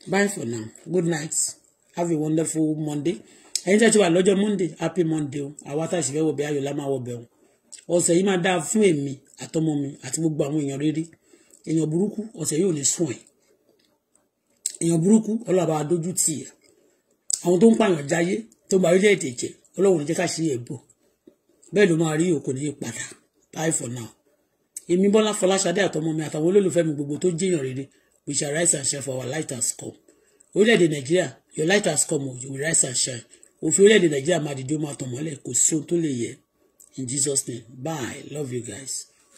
bye for now good night have a wonderful monday ẹ̀yin tí a ti wà lọ́jọ́ monday happy monday o àwa tá a sì fẹ́ wọ̀bẹ̀ ayọ̀ la máa wọ̀bẹ̀ o ọ̀sẹ̀ yìí máa dáa fún èmi àtọmọ mi àti gbogbo àwọn èèyàn rere èèyàn burúkú ọ̀sẹ̀ yìí ò ní sùn ẹ̀ èèyàn burúkú ọlọ́ọ̀bá adójú tì ẹ̀ àwọn tó ń pààyàn jáyé tó ń ba orílẹ̀-èdè ọlọ́run jẹ́ ká ṣe é bò bẹ́ẹ̀ ló máa rí òkò ní padà bye for now èmi bọ́lá fọláṣadé àtọmọ mi àtàwọn olólùfẹ́ mi gbogbo tó jẹ́yàn rere we shall rise and shine for our light has come orílẹ̀-èdè nàìjíríà your light has come o you will rise and shine òfin orílẹ̀-èdè nàìjíríà máa dìde ó máa tàn mọ́lẹ̀ kò sí ohun tó lè yẹ in Jesus name bye love you guys.